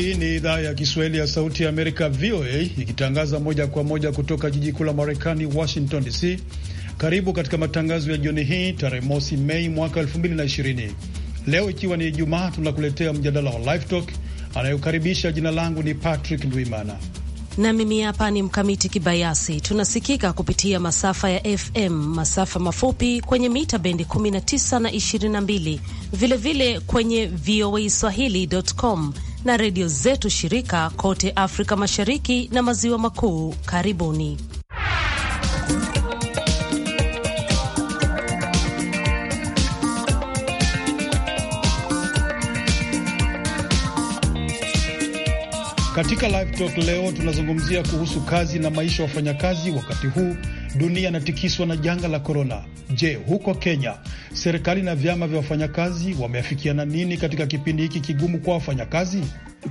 Hii ni idhaa ya Kiswahili ya Sauti ya Amerika, VOA, ikitangaza moja kwa moja kutoka jiji kuu la Marekani, Washington DC. Karibu katika matangazo ya jioni hii tarehe mosi Mei mwaka 2020. Leo ikiwa ni Ijumaa, tunakuletea mjadala wa Live Talk anayokaribisha. Jina langu ni Patrick Ndwimana na mimi hapa ni Mkamiti Kibayasi. Tunasikika kupitia masafa ya FM, masafa mafupi kwenye mita bendi 19 na 22, vilevile vile kwenye swahili.com na redio zetu shirika kote Afrika Mashariki na Maziwa Makuu. Karibuni. Katika live talk leo tunazungumzia kuhusu kazi na maisha ya wafanyakazi wakati huu dunia inatikiswa na janga la korona. Je, huko Kenya serikali na vyama vya wafanyakazi wameafikiana nini katika kipindi hiki kigumu kwa wafanyakazi?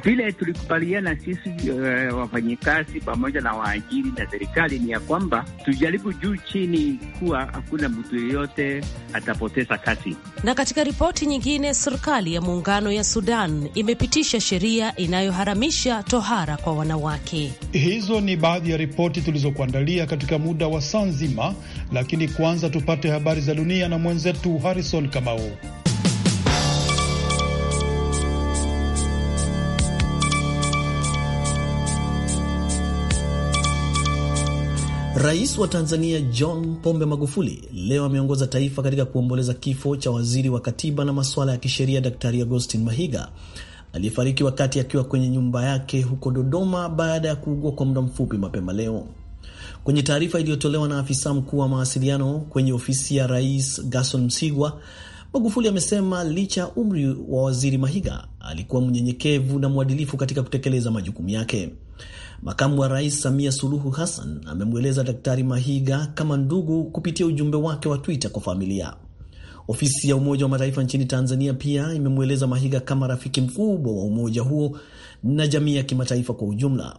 vile tulikubaliana sisi uh, wafanyikazi pamoja na waajiri na serikali ni ya kwamba tujaribu juu chini kuwa hakuna mtu yeyote atapoteza kazi. Na katika ripoti nyingine, serikali ya muungano ya Sudan imepitisha sheria inayoharamisha tohara kwa wanawake. Hizo ni baadhi ya ripoti tulizokuandalia katika muda wa saa nzima, lakini kwanza tupate habari za dunia na mwenzetu Harrison Kamau. Rais wa Tanzania John Pombe Magufuli leo ameongoza taifa katika kuomboleza kifo cha waziri wa katiba na masuala ya kisheria Daktari Augustin Mahiga aliyefariki wakati akiwa kwenye nyumba yake huko Dodoma baada ya kuugua kwa muda mfupi mapema leo. Kwenye taarifa iliyotolewa na afisa mkuu wa mawasiliano kwenye ofisi ya rais Gaston Msigwa, Magufuli amesema licha ya umri wa waziri Mahiga alikuwa mnyenyekevu na mwadilifu katika kutekeleza majukumu yake. Makamu wa Rais Samia Suluhu Hassan amemweleza Daktari Mahiga kama ndugu kupitia ujumbe wake wa Twitter kwa familia. Ofisi ya Umoja wa Mataifa nchini Tanzania pia imemweleza Mahiga kama rafiki mkubwa wa umoja huo na jamii ya kimataifa kwa ujumla.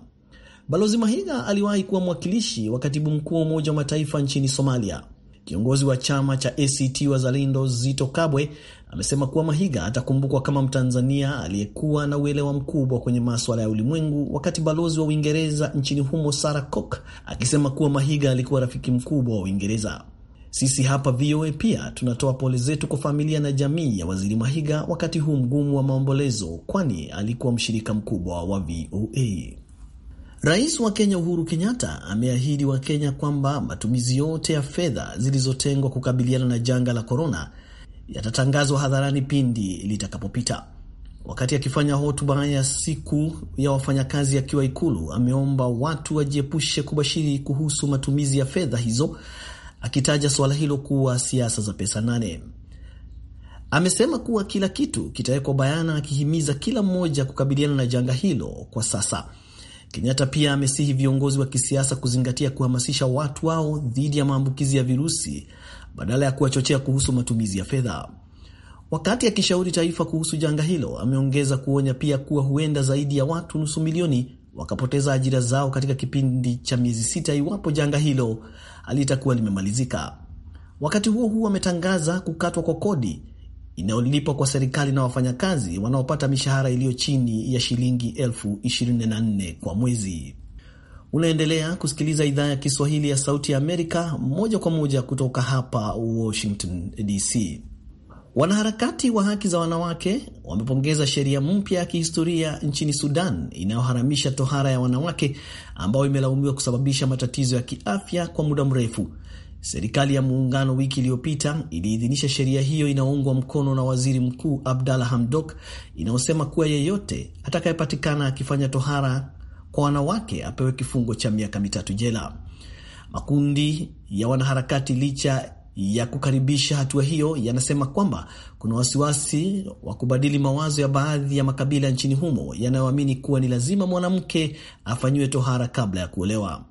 Balozi Mahiga aliwahi kuwa mwakilishi wa katibu mkuu wa Umoja wa Mataifa nchini Somalia. Kiongozi wa chama cha ACT Wazalendo Zito Kabwe amesema kuwa Mahiga atakumbukwa kama Mtanzania aliyekuwa na uelewa mkubwa kwenye maswala ya ulimwengu, wakati balozi wa Uingereza nchini humo Sarah Cook akisema kuwa Mahiga alikuwa rafiki mkubwa wa Uingereza. Sisi hapa VOA pia tunatoa pole zetu kwa familia na jamii ya Waziri Mahiga wakati huu mgumu wa maombolezo, kwani alikuwa mshirika mkubwa wa VOA. Rais wa Kenya Uhuru Kenyatta ameahidi Wakenya kwamba matumizi yote ya fedha zilizotengwa kukabiliana na janga la korona yatatangazwa hadharani pindi litakapopita. Wakati akifanya hotuba ya siku ya wafanyakazi akiwa Ikulu, ameomba watu wajiepushe kubashiri kuhusu matumizi ya fedha hizo, akitaja suala hilo kuwa siasa za pesa nane. Amesema kuwa kila kitu kitawekwa bayana, akihimiza kila mmoja kukabiliana na janga hilo kwa sasa. Kenyatta pia amesihi viongozi wa kisiasa kuzingatia kuhamasisha watu wao dhidi ya maambukizi ya virusi badala ya kuwachochea kuhusu matumizi ya fedha. Wakati akishauri taifa kuhusu janga hilo, ameongeza kuonya pia kuwa huenda zaidi ya watu nusu milioni wakapoteza ajira zao katika kipindi cha miezi sita iwapo janga hilo halitakuwa limemalizika. Wakati huo huo, ametangaza kukatwa kwa kodi inayolipwa kwa serikali na wafanyakazi wanaopata mishahara iliyo chini ya shilingi elfu 24 kwa mwezi. Unaendelea kusikiliza idhaa ya Kiswahili ya Sauti ya Amerika moja kwa moja kutoka hapa Washington DC. Wanaharakati wa haki za wanawake wamepongeza sheria mpya ya kihistoria nchini Sudan inayoharamisha tohara ya wanawake ambayo imelaumiwa kusababisha matatizo ya kiafya kwa muda mrefu. Serikali ya muungano wiki iliyopita iliidhinisha sheria hiyo inayoungwa mkono na waziri mkuu Abdalla Hamdok inayosema kuwa yeyote atakayepatikana akifanya tohara kwa wanawake apewe kifungo cha miaka mitatu jela. Makundi ya wanaharakati, licha ya kukaribisha hatua hiyo, yanasema kwamba kuna wasiwasi wa kubadili mawazo ya baadhi ya makabila nchini humo yanayoamini kuwa ni lazima mwanamke afanyiwe tohara kabla ya kuolewa.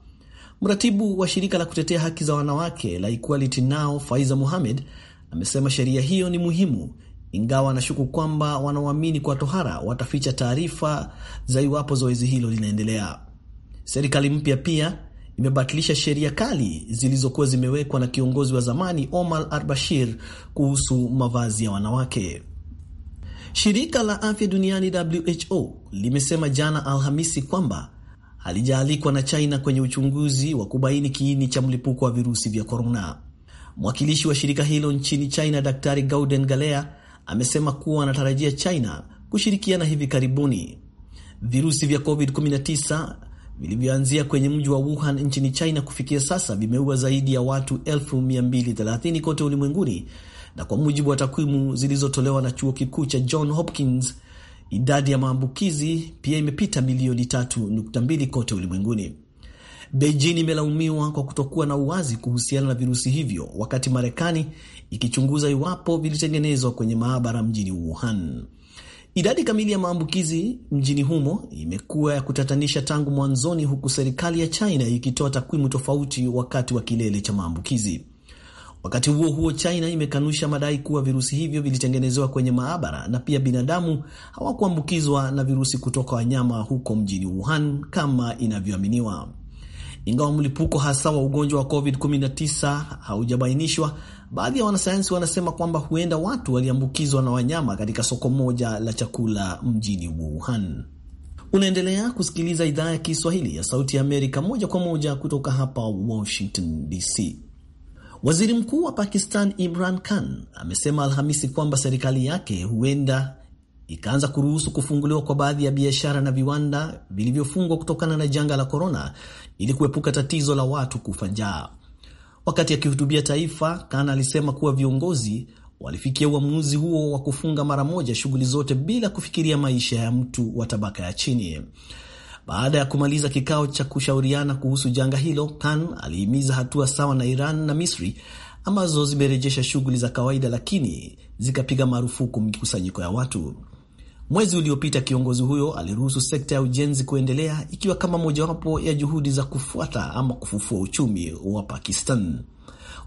Mratibu wa shirika la kutetea haki za wanawake la Equality Now, Faiza muhamed amesema sheria hiyo ni muhimu, ingawa anashuku kwamba wanaoamini kwa tohara wataficha taarifa za iwapo zoezi hilo linaendelea. Serikali mpya pia imebatilisha sheria kali zilizokuwa zimewekwa na kiongozi wa zamani Omar al-Bashir kuhusu mavazi ya wanawake. Shirika la afya duniani WHO limesema jana Alhamisi kwamba halijaalikwa na China kwenye uchunguzi wa kubaini kiini cha mlipuko wa virusi vya korona. Mwakilishi wa shirika hilo nchini China, Daktari Gauden Galea, amesema kuwa anatarajia China kushirikiana hivi karibuni. Virusi vya COVID-19 vilivyoanzia kwenye mji wa Wuhan nchini China kufikia sasa vimeua zaidi ya watu 230 kote ulimwenguni, na kwa mujibu wa takwimu zilizotolewa na chuo kikuu cha John Hopkins Idadi ya maambukizi pia imepita milioni 3.2 kote ulimwenguni. Beijing imelaumiwa kwa kutokuwa na uwazi kuhusiana na virusi hivyo, wakati Marekani ikichunguza iwapo vilitengenezwa kwenye maabara mjini Wuhan. Idadi kamili ya maambukizi mjini humo imekuwa ya kutatanisha tangu mwanzoni, huku serikali ya China ikitoa takwimu tofauti wakati wa kilele cha maambukizi. Wakati huo huo, China imekanusha madai kuwa virusi hivyo vilitengenezewa kwenye maabara na pia binadamu hawakuambukizwa na virusi kutoka wanyama huko mjini Wuhan kama inavyoaminiwa. Ingawa mlipuko hasa wa ugonjwa wa COVID-19 haujabainishwa, baadhi ya wanasayansi wanasema kwamba huenda watu waliambukizwa na wanyama katika soko moja la chakula mjini Wuhan. Unaendelea kusikiliza idhaa ya Kiswahili ya Sauti ya Amerika moja kwa moja kutoka hapa Washington DC. Waziri Mkuu wa Pakistan Imran Khan amesema Alhamisi kwamba serikali yake huenda ikaanza kuruhusu kufunguliwa kwa baadhi ya biashara na viwanda vilivyofungwa kutokana na janga la korona ili kuepuka tatizo la watu kufa njaa. Wakati akihutubia taifa, Khan alisema kuwa viongozi walifikia uamuzi huo wa kufunga mara moja shughuli zote bila kufikiria maisha ya mtu wa tabaka ya chini. Baada ya kumaliza kikao cha kushauriana kuhusu janga hilo, Khan alihimiza hatua sawa na Iran na Misri ambazo zimerejesha shughuli za kawaida, lakini zikapiga marufuku mikusanyiko ya watu. Mwezi uliopita kiongozi huyo aliruhusu sekta ya ujenzi kuendelea ikiwa kama mojawapo ya juhudi za kufuata ama kufufua uchumi wa Pakistan.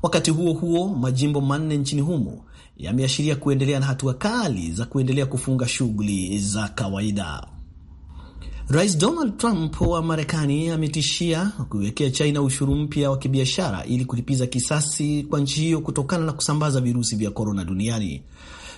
Wakati huo huo, majimbo manne nchini humo yameashiria kuendelea na hatua kali za kuendelea kufunga shughuli za kawaida. Rais Donald Trump wa Marekani ametishia kuiwekea China ushuru mpya wa kibiashara ili kulipiza kisasi kwa nchi hiyo kutokana na kusambaza virusi vya korona duniani.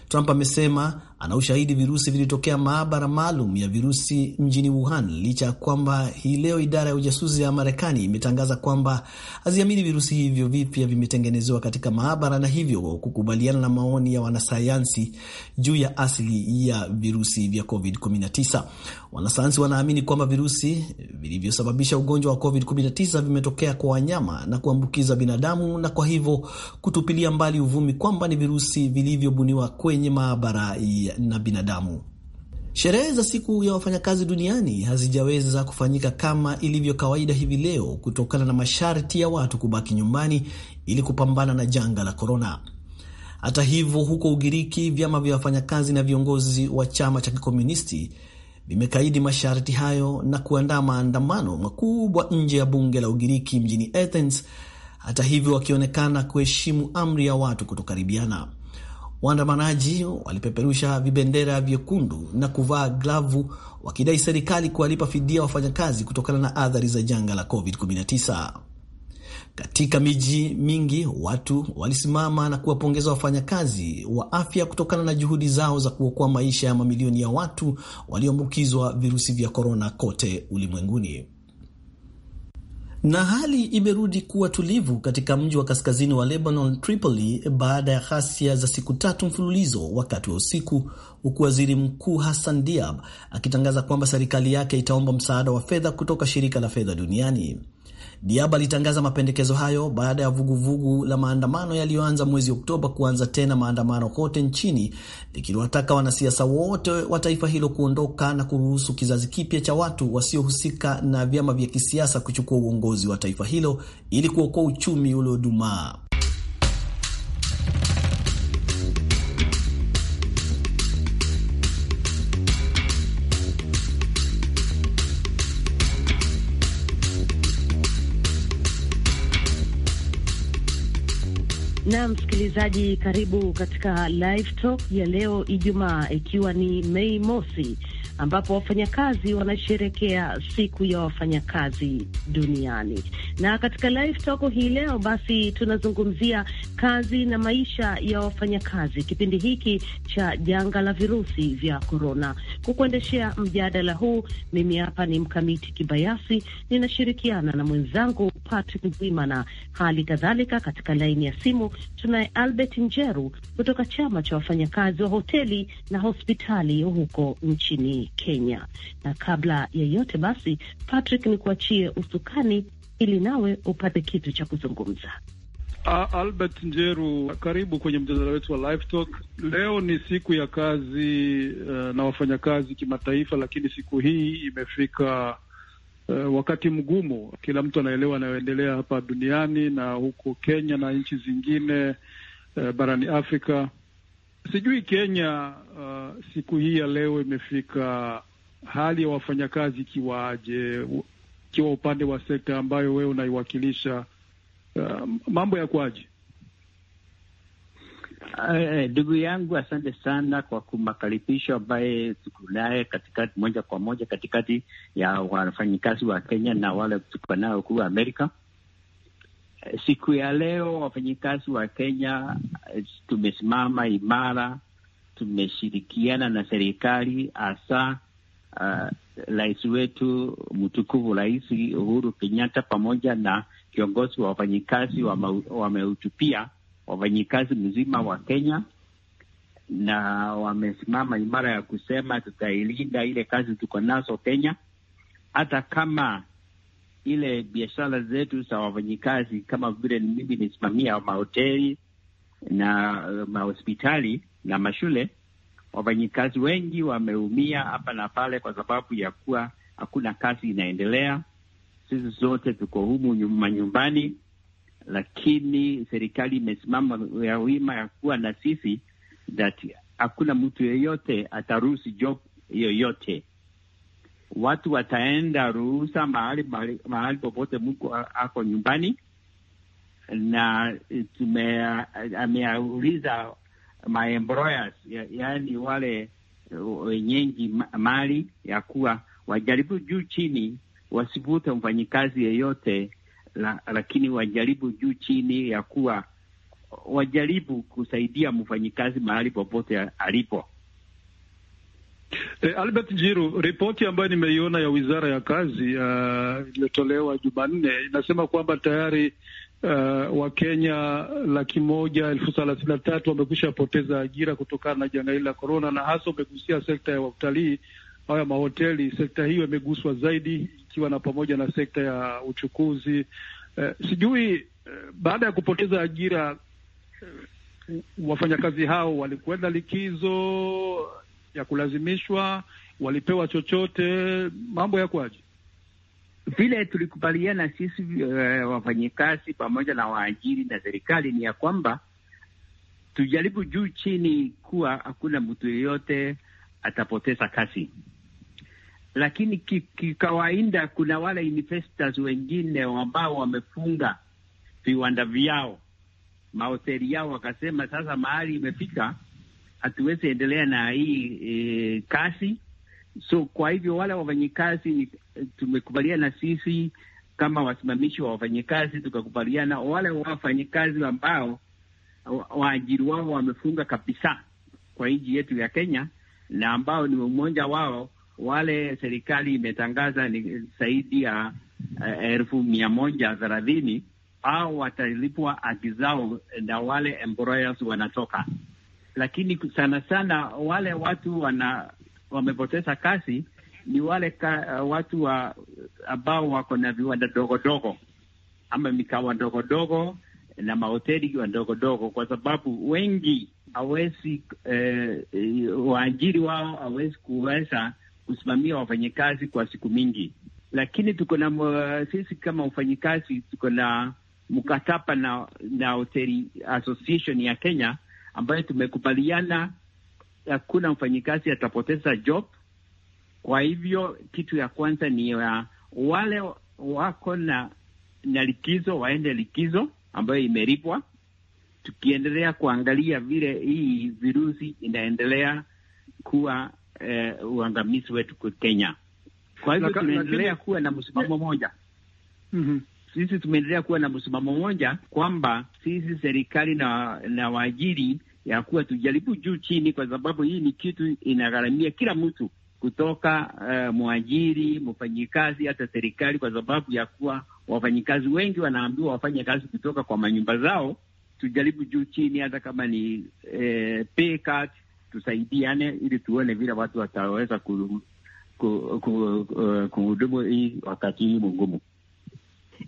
Trump amesema ana ushahidi virusi vilitokea maabara maalum ya virusi mjini Wuhan, licha ya kwamba hii leo idara ya ujasusi ya Marekani imetangaza kwamba haziamini virusi hivyo vipya vimetengenezewa katika maabara, na hivyo kukubaliana na maoni ya wanasayansi juu ya asili ya virusi vya COVID-19. Wanasayansi wanaamini kwamba virusi vilivyosababisha ugonjwa wa COVID-19 vimetokea kwa wanyama na kuambukiza binadamu, na kwa hivyo kutupilia mbali uvumi kwamba ni virusi vilivyobuniwa kwenye kwenye maabara na binadamu. Sherehe za siku ya wafanyakazi duniani hazijaweza kufanyika kama ilivyo kawaida hivi leo kutokana na masharti ya watu kubaki nyumbani ili kupambana na janga la korona. Hata hivyo, huko Ugiriki, vyama vya wafanyakazi na viongozi wa chama cha kikomunisti vimekaidi masharti hayo na kuandaa maandamano makubwa nje ya bunge la Ugiriki mjini Athens, hata hivyo, wakionekana kuheshimu amri ya watu kutokaribiana. Waandamanaji walipeperusha vibendera vyekundu na kuvaa glavu wakidai serikali kuwalipa fidia wafanyakazi kutokana na athari za janga la COVID-19. Katika miji mingi watu walisimama na kuwapongeza wafanyakazi wa afya kutokana na juhudi zao za kuokoa maisha ya mamilioni ya watu walioambukizwa virusi vya korona kote ulimwenguni. Na hali imerudi kuwa tulivu katika mji wa kaskazini wa Lebanon, Tripoli, baada ya ghasia za siku tatu mfululizo wakati wa usiku, huku waziri mkuu Hassan Diab akitangaza kwamba serikali yake itaomba msaada wa fedha kutoka shirika la fedha duniani. Diaba alitangaza mapendekezo hayo baada ya vuguvugu vugu la maandamano yaliyoanza mwezi Oktoba kuanza tena maandamano kote nchini likiwataka wanasiasa wote wa taifa hilo kuondoka na kuruhusu kizazi kipya cha watu wasiohusika na vyama vya kisiasa kuchukua uongozi wa taifa hilo ili kuokoa uchumi uliodumaa. Na msikilizaji, karibu katika live talk ya leo Ijumaa, ikiwa ni Mei Mosi, ambapo wafanyakazi wanasherekea siku ya wafanyakazi duniani. Na katika live talk hii leo basi tunazungumzia kazi na maisha ya wafanyakazi kipindi hiki cha janga la virusi vya korona. Kukuendeshea mjadala huu, mimi hapa ni Mkamiti Kibayasi, ninashirikiana na mwenzangu Patrick Ndwimana. Hali kadhalika katika laini ya simu tunaye Albert Njeru kutoka chama cha wafanyakazi wa hoteli na hospitali huko nchini Kenya. Na kabla ya yote basi, Patrick, ni kuachie usukani ili nawe upate kitu cha kuzungumza. Albert Njeru, karibu kwenye mjadala wetu wa Live Talk. Leo ni siku ya kazi uh, na wafanyakazi kimataifa, lakini siku hii imefika uh, wakati mgumu. Kila mtu anaelewa anayoendelea hapa duniani na huko Kenya na nchi zingine uh, barani Afrika. Sijui Kenya, uh, siku hii ya leo imefika hali ya wafanyakazi kiwaje ikiwa upande wa sekta ambayo wewe unaiwakilisha, uh, mambo yakwaje? Eh, eh, ndugu uh, yangu, asante sana kwa kumakaribisho ambaye tuko naye katikati, moja kwa moja katikati ya wafanyikazi wa Kenya na wale tuko nao kuu Amerika. Eh, siku ya leo wafanyikazi wa Kenya tumesimama imara, tumeshirikiana na serikali hasa Uh, rais uh, wetu mtukufu Rais Uhuru Kenyatta pamoja na kiongozi wa wafanyikazi wamehutupia wame wafanyikazi mzima wa Kenya na wamesimama imara ya kusema tutailinda ile kazi tuko nazo Kenya, hata kama ile biashara zetu za wafanyikazi kama vile mimi nisimamia mahoteli na uh, mahospitali na mashule Wafanyikazi wengi wameumia hapa na pale, kwa sababu ya kuwa hakuna kazi inaendelea. Sisi zote tuko humu manyumbani, lakini serikali imesimama ya wima ya kuwa na sisi that hakuna mtu yeyote ataruhusi job yoyote. Watu wataenda ruhusa mahali mahali popote mko ako nyumbani, na tumeauliza maemployers ya, yaani wale uh, wenyengi mali ya kuwa wajaribu juu chini, wasivute mfanyikazi yeyote la, lakini wajaribu juu chini ya kuwa wajaribu kusaidia mfanyikazi mahali popote alipo. E, Albert Jiru, ripoti ambayo nimeiona ya Wizara ya Kazi uh, iliyotolewa Jumanne inasema kwamba tayari uh, eh, Wakenya laki moja elfu thelathini na tatu wamekwisha poteza ajira kutokana na janga hili la korona, na hasa umegusia sekta ya utalii au ya mahoteli. Sekta hiyo imeguswa zaidi, ikiwa na pamoja na sekta ya uchukuzi. Uh, sijui uh, baada ya kupoteza ajira uh, wafanyakazi hao walikwenda likizo ya kulazimishwa, walipewa chochote? Mambo yakwaje? Vile tulikubaliana sisi uh, wafanyikazi pamoja na waajiri na serikali ni ya kwamba tujaribu juu chini kuwa hakuna mtu yeyote atapoteza kazi, lakini kikawaida ki kuna wale investors wengine ambao wamefunga viwanda vyao, mahoteli yao, wakasema sasa mahali imefika, hatuwezi endelea na hii e, kazi So kwa hivyo wale wafanyikazi tumekubaliana sisi kama wasimamishi wa wafanyikazi tukakubaliana, wale wafanyikazi ambao waajiri wao wamefunga kabisa kwa nchi yetu ya Kenya na ambao ni mmoja wao wale serikali imetangaza ni zaidi ya uh, elfu mia moja thelathini au watalipwa haki zao na wale employers wanatoka, lakini sana sana wale watu wana wamepoteza kazi ni wale ka, uh, watu wa ambao wako na viwanda dogodogo ama mikawa dogodogo na mahoteli wadogodogo, kwa sababu wengi hawezi eh, waajiri wao hawezi kuweza kusimamia wafanyikazi kwa siku mingi, lakini tuko na uh, sisi kama wafanyikazi tuko na mkataba na na hoteli association ya Kenya ambayo tumekubaliana hakuna mfanyikazi atapoteza job. Kwa hivyo kitu ya kwanza ni ya wale wako na, na likizo waende likizo ambayo imelipwa. Tukiendelea kuangalia vile hii virusi inaendelea kuwa eh, uangamizi wetu kwa Kenya. Kwa hivyo tunaendelea kuwa na msimamo moja mm-hmm. Sisi tumeendelea kuwa na msimamo moja kwamba sisi serikali na, na waajiri ya kuwa tujaribu juu chini, kwa sababu hii ni kitu inagharamia kila mtu kutoka uh, mwajiri, mfanyikazi, hata serikali, kwa sababu ya kuwa wafanyikazi wengi wanaambiwa wafanye kazi kutoka kwa manyumba zao. Tujaribu juu chini, hata kama ni eh, pay cut, tusaidiane ili tuone vile watu wataweza kuhudumu ku, ku, ku, eh, hii wakati hii mgumu.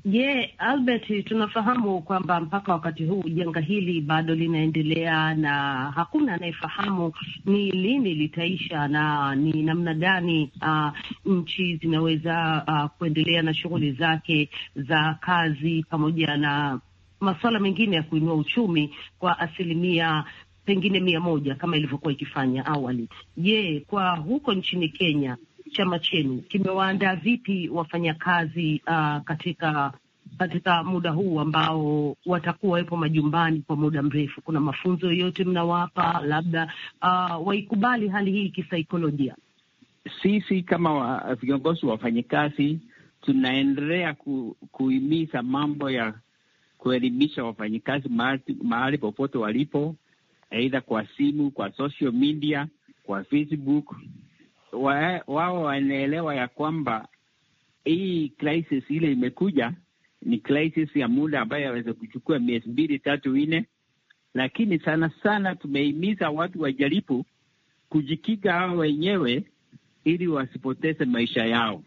Je, yeah, Albert, tunafahamu kwamba mpaka wakati huu janga hili bado linaendelea na hakuna anayefahamu ni lini litaisha na ni namna gani uh, nchi zinaweza uh, kuendelea na shughuli zake za kazi pamoja na masuala mengine ya kuinua uchumi kwa asilimia pengine mia moja kama ilivyokuwa ikifanya awali. Je, yeah, kwa huko nchini Kenya chama chenu kimewaandaa vipi wafanyakazi uh, katika katika muda huu ambao watakuwa wawepo majumbani kwa muda mrefu? Kuna mafunzo yoyote mnawapa, labda uh, waikubali hali hii kisaikolojia? Sisi kama viongozi wa wafanyakazi tunaendelea ku, kuhimiza mambo ya kuelimisha wafanyakazi mahali, mahali popote walipo, aidha kwa simu, kwa social media, kwa Facebook wao wanaelewa ya kwamba hii crisis ile imekuja ni crisis ya muda ambayo yaweza kuchukua miezi mbili tatu nne, lakini sana sana tumehimiza watu wajaribu kujikinga hao wenyewe ili wasipoteze maisha yao.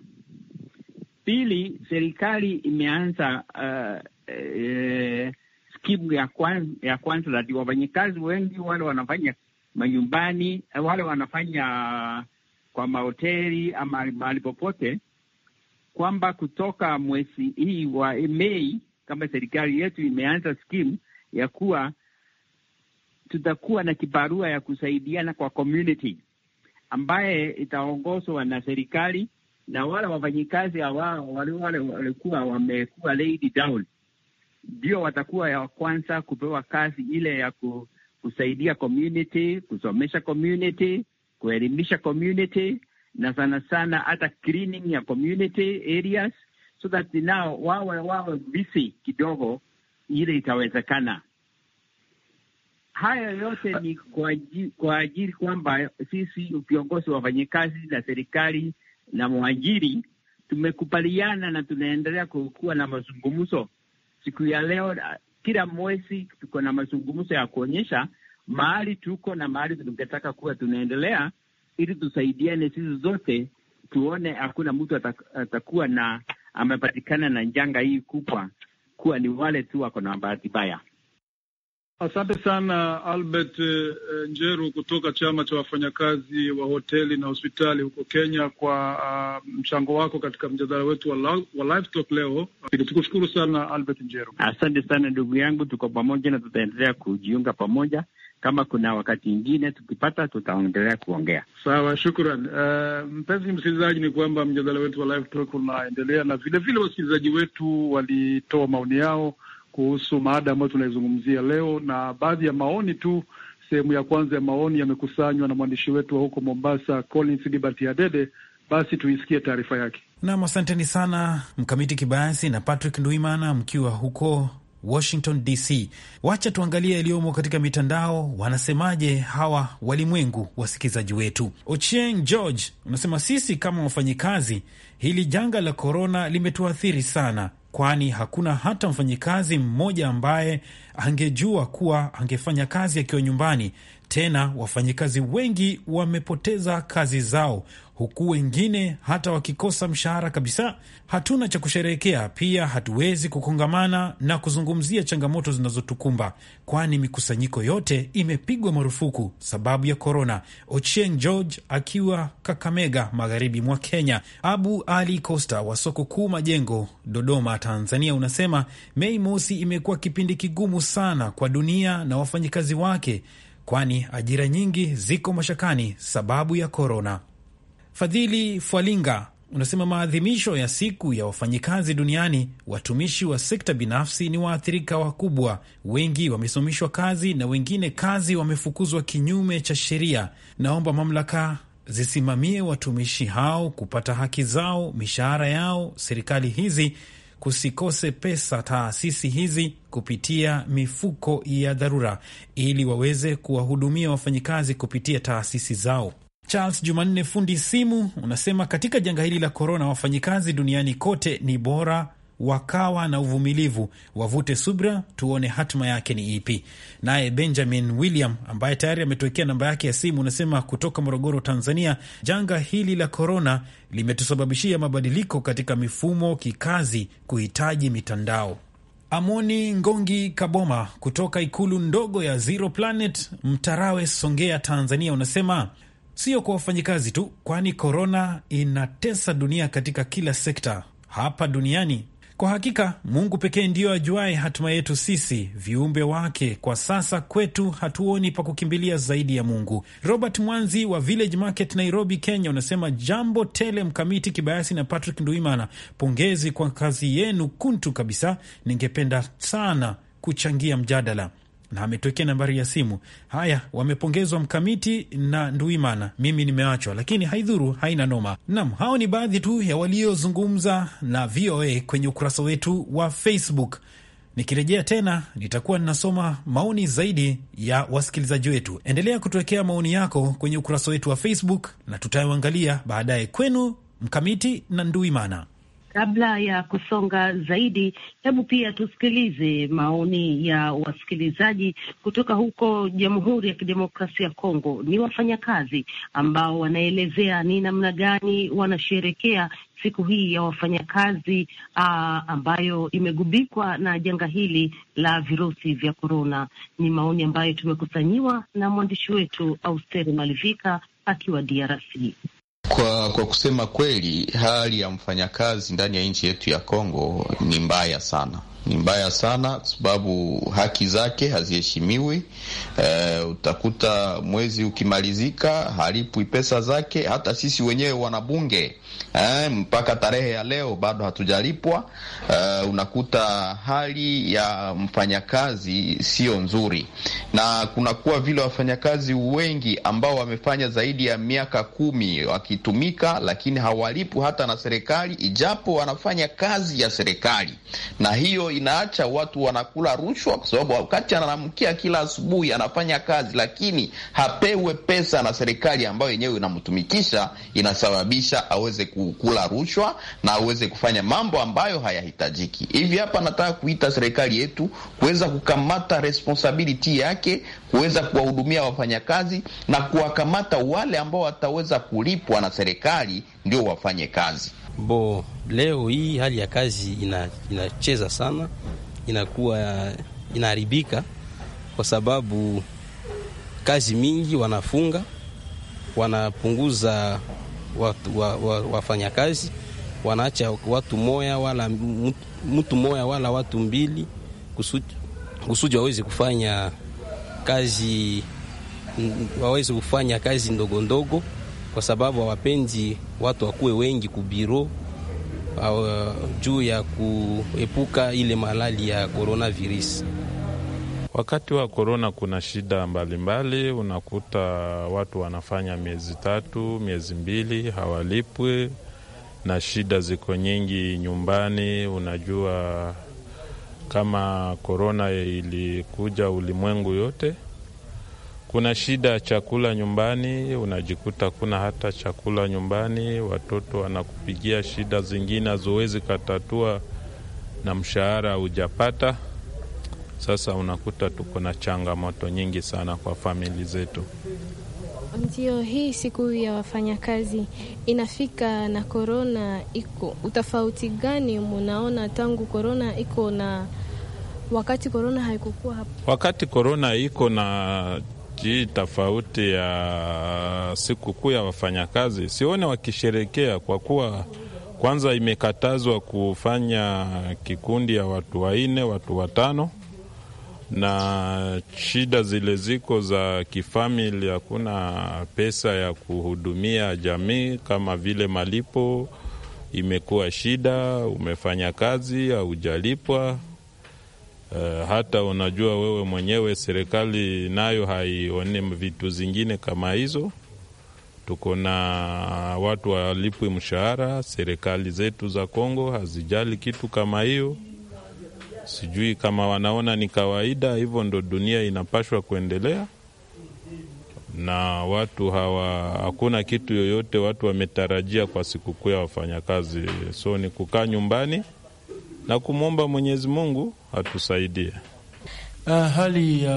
Pili, serikali imeanza uh, eh, uh, skimu ya kwanza ya kwanza wafanyakazi wengi wale wanafanya manyumbani, wale wanafanya kwa mahoteli ama mahali popote, kwamba kutoka mwezi hii wa Mei, kama serikali yetu imeanza skimu ya kuwa tutakuwa na kibarua ya kusaidiana kwa community ambaye itaongozwa na serikali na wale wafanyikazi awao wale wale walikuwa wamekuwa laid down ndio watakuwa ya kwanza kupewa kazi ile ya kusaidia community, kusomesha community, kuelimisha community na sana sana hata cleaning ya community areas so that nao wawe wawe busy kidogo, ile itawezekana. Haya yote ni kwa ajili, kwa ajili kwamba sisi viongozi wa wafanyikazi na serikali na mwajiri tumekubaliana na tunaendelea kuwa na mazungumzo. Siku ya leo kila mwezi tuko na mazungumzo ya kuonyesha mahali tuko na mahali tungetaka kuwa tunaendelea, ili tusaidiane sisi zote, tuone hakuna mtu atakuwa na amepatikana na janga hii kubwa, kuwa ni wale tu wako na bahati mbaya. Asante sana Albert uh, Njeru kutoka chama cha wafanyakazi wa hoteli na hospitali huko Kenya kwa uh, mchango wako katika mjadala wetu wa, wa live talk leo. Tukushukuru sana Albert Njeru. Asante sana ndugu yangu, tuko pamoja na tutaendelea kujiunga pamoja kama kuna wakati ingine tukipata, tutaongelea kuongea. Sawa, shukran. Uh, mpenzi msikilizaji, ni kwamba mjadala wetu wa Live Talk unaendelea na vilevile wasikilizaji wetu walitoa maoni yao kuhusu maada ambayo tunaizungumzia leo, na baadhi ya maoni tu Sehemu ya kwanza ya maoni yamekusanywa na mwandishi wetu wa huko Mombasa, Collins Gilbert Adede. Basi tuisikie taarifa yake. Nam, asanteni sana Mkamiti Kibayasi na Patrick Nduimana mkiwa huko Washington DC. Wacha tuangalie yaliyomo katika mitandao, wanasemaje hawa walimwengu wasikilizaji wetu. Ochieng George unasema sisi kama wafanyikazi, hili janga la korona limetuathiri sana, kwani hakuna hata mfanyikazi mmoja ambaye angejua kuwa angefanya kazi akiwa nyumbani. Tena wafanyikazi wengi wamepoteza kazi zao huku wengine hata wakikosa mshahara kabisa. Hatuna cha kusherehekea, pia hatuwezi kukongamana na kuzungumzia changamoto zinazotukumba, kwani mikusanyiko yote imepigwa marufuku sababu ya korona. Ochieng George akiwa Kakamega, magharibi mwa Kenya. Abu Ali Costa wa soko kuu Majengo, Dodoma, Tanzania, unasema Mei Mosi imekuwa kipindi kigumu sana kwa dunia na wafanyikazi wake, kwani ajira nyingi ziko mashakani sababu ya korona. Fadhili Fwalinga unasema maadhimisho ya siku ya wafanyikazi duniani, watumishi wa sekta binafsi ni waathirika wakubwa. Wengi wamesimamishwa kazi na wengine kazi wamefukuzwa kinyume cha sheria. Naomba mamlaka zisimamie watumishi hao kupata haki zao, mishahara yao. Serikali hizi kusikose pesa taasisi hizi kupitia mifuko ya dharura, ili waweze kuwahudumia wafanyikazi kupitia taasisi zao. Charles Jumanne, fundi simu, unasema katika janga hili la korona, wafanyikazi duniani kote ni bora wakawa na uvumilivu, wavute subra, tuone hatima yake ni ipi. Naye Benjamin William ambaye tayari ametuwekea namba yake ya simu unasema kutoka Morogoro, Tanzania, janga hili la korona limetusababishia mabadiliko katika mifumo kikazi kuhitaji mitandao. Amoni Ngongi Kaboma kutoka ikulu ndogo ya Zero Planet Mtarawe, Songea, Tanzania, unasema sio kwa wafanyikazi tu, kwani korona inatesa dunia katika kila sekta hapa duniani. Kwa hakika Mungu pekee ndiyo ajuaye hatima yetu sisi viumbe wake. Kwa sasa kwetu hatuoni pa kukimbilia zaidi ya Mungu. Robert Mwanzi wa Village Market, Nairobi, Kenya, unasema jambo tele, Mkamiti Kibayasi na Patrick Nduimana, pongezi kwa kazi yenu kuntu kabisa. Ningependa sana kuchangia mjadala na ametwekea nambari ya simu. Haya, wamepongezwa Mkamiti na Nduimana, mimi nimeachwa, lakini haidhuru, haina noma. nam hao ni baadhi tu ya waliozungumza na VOA kwenye ukurasa wetu wa Facebook. Nikirejea tena nitakuwa ninasoma maoni zaidi ya wasikilizaji wetu. Endelea kutuwekea maoni yako kwenye ukurasa wetu wa Facebook na tutayoangalia baadaye. Kwenu Mkamiti na Nduimana. Kabla ya kusonga zaidi, hebu pia tusikilize maoni ya wasikilizaji kutoka huko Jamhuri ya Kidemokrasia ya Kongo. Ni wafanyakazi ambao wanaelezea ni namna gani wanasherekea siku hii ya wafanyakazi uh, ambayo imegubikwa na janga hili la virusi vya korona. Ni maoni ambayo tumekusanyiwa na mwandishi wetu Austeri Malivika akiwa DRC. Kwa, kwa kusema kweli hali ya mfanyakazi ndani ya nchi yetu ya Kongo ni mbaya sana ni mbaya sana, kwa sababu haki zake haziheshimiwi. E, utakuta mwezi ukimalizika halipwi pesa zake. Hata sisi wenyewe wanabunge e, mpaka tarehe ya leo bado hatujalipwa. E, unakuta hali ya mfanyakazi sio nzuri, na kunakuwa vile wafanyakazi wengi ambao wamefanya zaidi ya miaka kumi wakitumika, lakini hawalipwi hata na serikali, ijapo wanafanya kazi ya serikali, na hiyo inaacha watu wanakula rushwa, kwa sababu wakati anaamkia kila asubuhi anafanya kazi, lakini hapewe pesa na serikali ambayo yenyewe inamtumikisha, inasababisha aweze kukula rushwa na aweze kufanya mambo ambayo hayahitajiki. Hivi hapa nataka kuita serikali yetu kuweza kukamata responsibility yake, kuweza kuwahudumia wafanyakazi na kuwakamata wale ambao wataweza kulipwa na serikali ndio wafanye kazi bo leo hii hali ya kazi ina, inacheza sana, inakuwa inaharibika kwa sababu kazi mingi wanafunga, wanapunguza watu, wa, wa, wafanya kazi wanaacha watu moya wala mtu moya wala watu mbili kusudi waweze kufanya kazi waweze kufanya kazi ndogo ndogo kwa sababu hawapendi watu wakuwe wengi kubiro juu ya kuepuka ile malali ya coronavirus. Wakati wa korona kuna shida mbalimbali mbali, unakuta watu wanafanya miezi tatu miezi mbili hawalipwi, na shida ziko nyingi nyumbani. Unajua kama korona ilikuja ulimwengu yote kuna shida ya chakula nyumbani, unajikuta kuna hata chakula nyumbani, watoto wanakupigia shida zingine hazowezi katatua na mshahara hujapata. Sasa unakuta tuko na changamoto nyingi sana kwa famili zetu. Ndio hii siku ya wafanyakazi inafika na korona iko utofauti gani munaona tangu korona iko na wakati korona haikukuwa hapo? Wakati korona iko na hii tofauti ya sikukuu ya wafanyakazi, sione wakisherekea kwa kuwa kwanza imekatazwa kufanya kikundi ya watu wanne watu watano, na shida zile ziko za kifamili. Hakuna pesa ya kuhudumia jamii kama vile malipo imekuwa shida, umefanya kazi haujalipwa Uh, hata unajua wewe mwenyewe serikali nayo haioni vitu zingine kama hizo. Tuko na watu walipwi mshahara, serikali zetu za Kongo hazijali kitu kama hiyo. Sijui kama wanaona ni kawaida hivyo, ndo dunia inapashwa kuendelea na watu hawa, hakuna kitu yoyote watu wametarajia kwa sikukuu ya wafanyakazi, so ni kukaa nyumbani na kumwomba Mwenyezi Mungu atusaidie. Uh, hali ya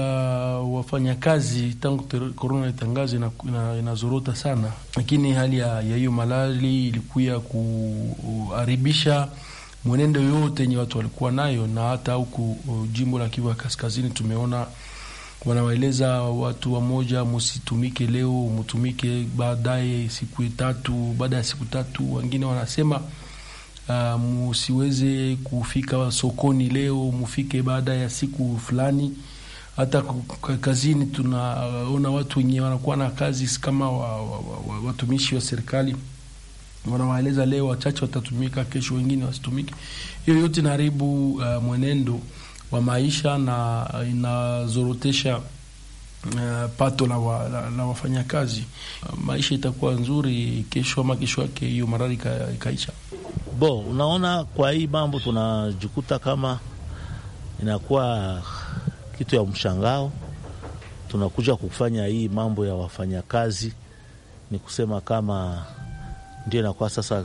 uh, wafanyakazi tangu korona inazorota ina, ina, inazorota sana, lakini hali ya hiyo malali ilikuya kuharibisha mwenendo yote yenye watu walikuwa nayo, na hata huku uh, jimbo la Kivu ya Kaskazini tumeona wanawaeleza watu wamoja, musitumike leo, mutumike baadaye siku tatu, baada ya siku tatu, wengine wanasema uh, musiweze kufika sokoni leo, mufike baada ya siku fulani. Hata kazini tunaona watu wenye wanakuwa na kazi kama wa, wa, wa, watumishi wa serikali wanawaeleza leo wachache watatumika, kesho wengine wasitumike. Hiyo yote inaharibu uh, mwenendo wa maisha na inazorotesha uh, pato la, wa, la, la wafanyakazi uh, maisha itakuwa nzuri kesho ama kesho yake, hiyo marari ikaisha. Bo, unaona, kwa hii mambo tunajikuta kama inakuwa kitu ya mshangao, tunakuja kufanya hii mambo ya wafanyakazi, ni kusema kama ndio inakuwa sasa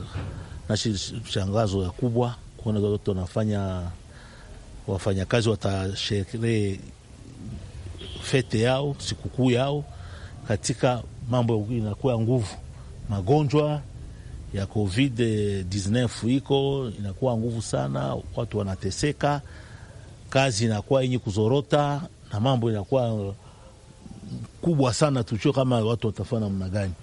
nashi mshangazo ya kubwa kuona tunafanya wafanyakazi watasherehe fete yao sikukuu yao katika mambo inakuwa nguvu. Magonjwa ya Covid 19 iko inakuwa nguvu sana, watu wanateseka, kazi inakuwa yenye kuzorota na mambo inakuwa kubwa sana, tuchue kama watu watafaa namna gani.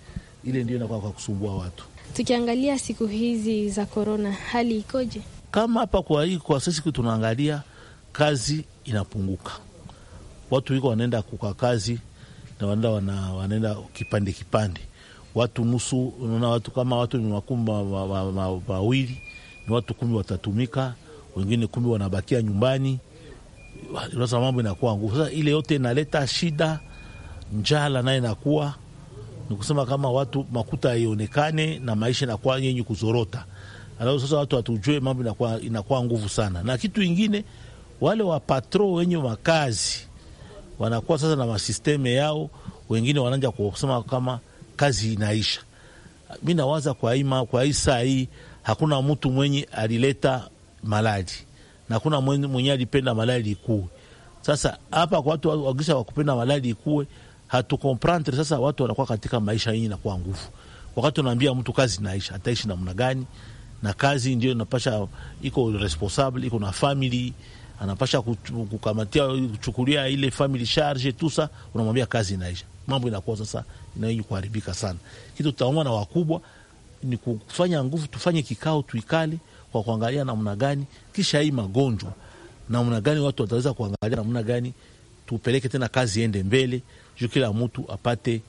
Ile ndio inakuwa kwa kusumbua watu. Tukiangalia siku hizi za korona, hali ikoje? Kama hapa kwa hii kwa sisi tunaangalia, kazi inapunguka watu iko wanaenda kwa kazi na wanaenda wana, wanaenda kipande kipande, watu nusu. Unaona watu kama watu ni makumi mawili ni watu kumi watatumika, wengine kumi wanabakia nyumbani. Sasa mambo inakuwa nguvu. Sasa ile yote inaleta shida, njala naye inakuwa ni kusema kama watu makuta haionekane na maisha inakuwa yenye kuzorota. Alafu sasa watu hatujue, mambo inakuwa, inakuwa nguvu sana. Na kitu ingine wale wapatro wenye makazi wanakuwa sasa na masisteme yao, wengine wanaanza kusema kama kazi inaisha. Mi nawaza kwa ima, kwa hii saa hii hakuna mtu mwenye alileta malali na hakuna mwenye alipenda malali ikue. Sasa hapa kwa watu wakisha wakupenda malali ikue, hatukomprendre sasa watu wanakuwa katika maisha yenye inakuwa nguvu. Wakati unaambia mtu kazi inaisha, ataishi namna gani? Na kazi ndio inapasha iko responsable, iko na family anapasha kukamatia kuchukulia ile family charge tusa, unamwambia kazi inaisha, mambo inakuwa sasa inaiji kuharibika sana. Kitu tutaomba na wakubwa ni kufanya nguvu, tufanye kikao, tuikali kwa kuangalia namna gani kisha hii magonjwa, namna gani watu wataweza kuangalia, namna gani tupeleke tena kazi iende mbele, juu kila mtu apate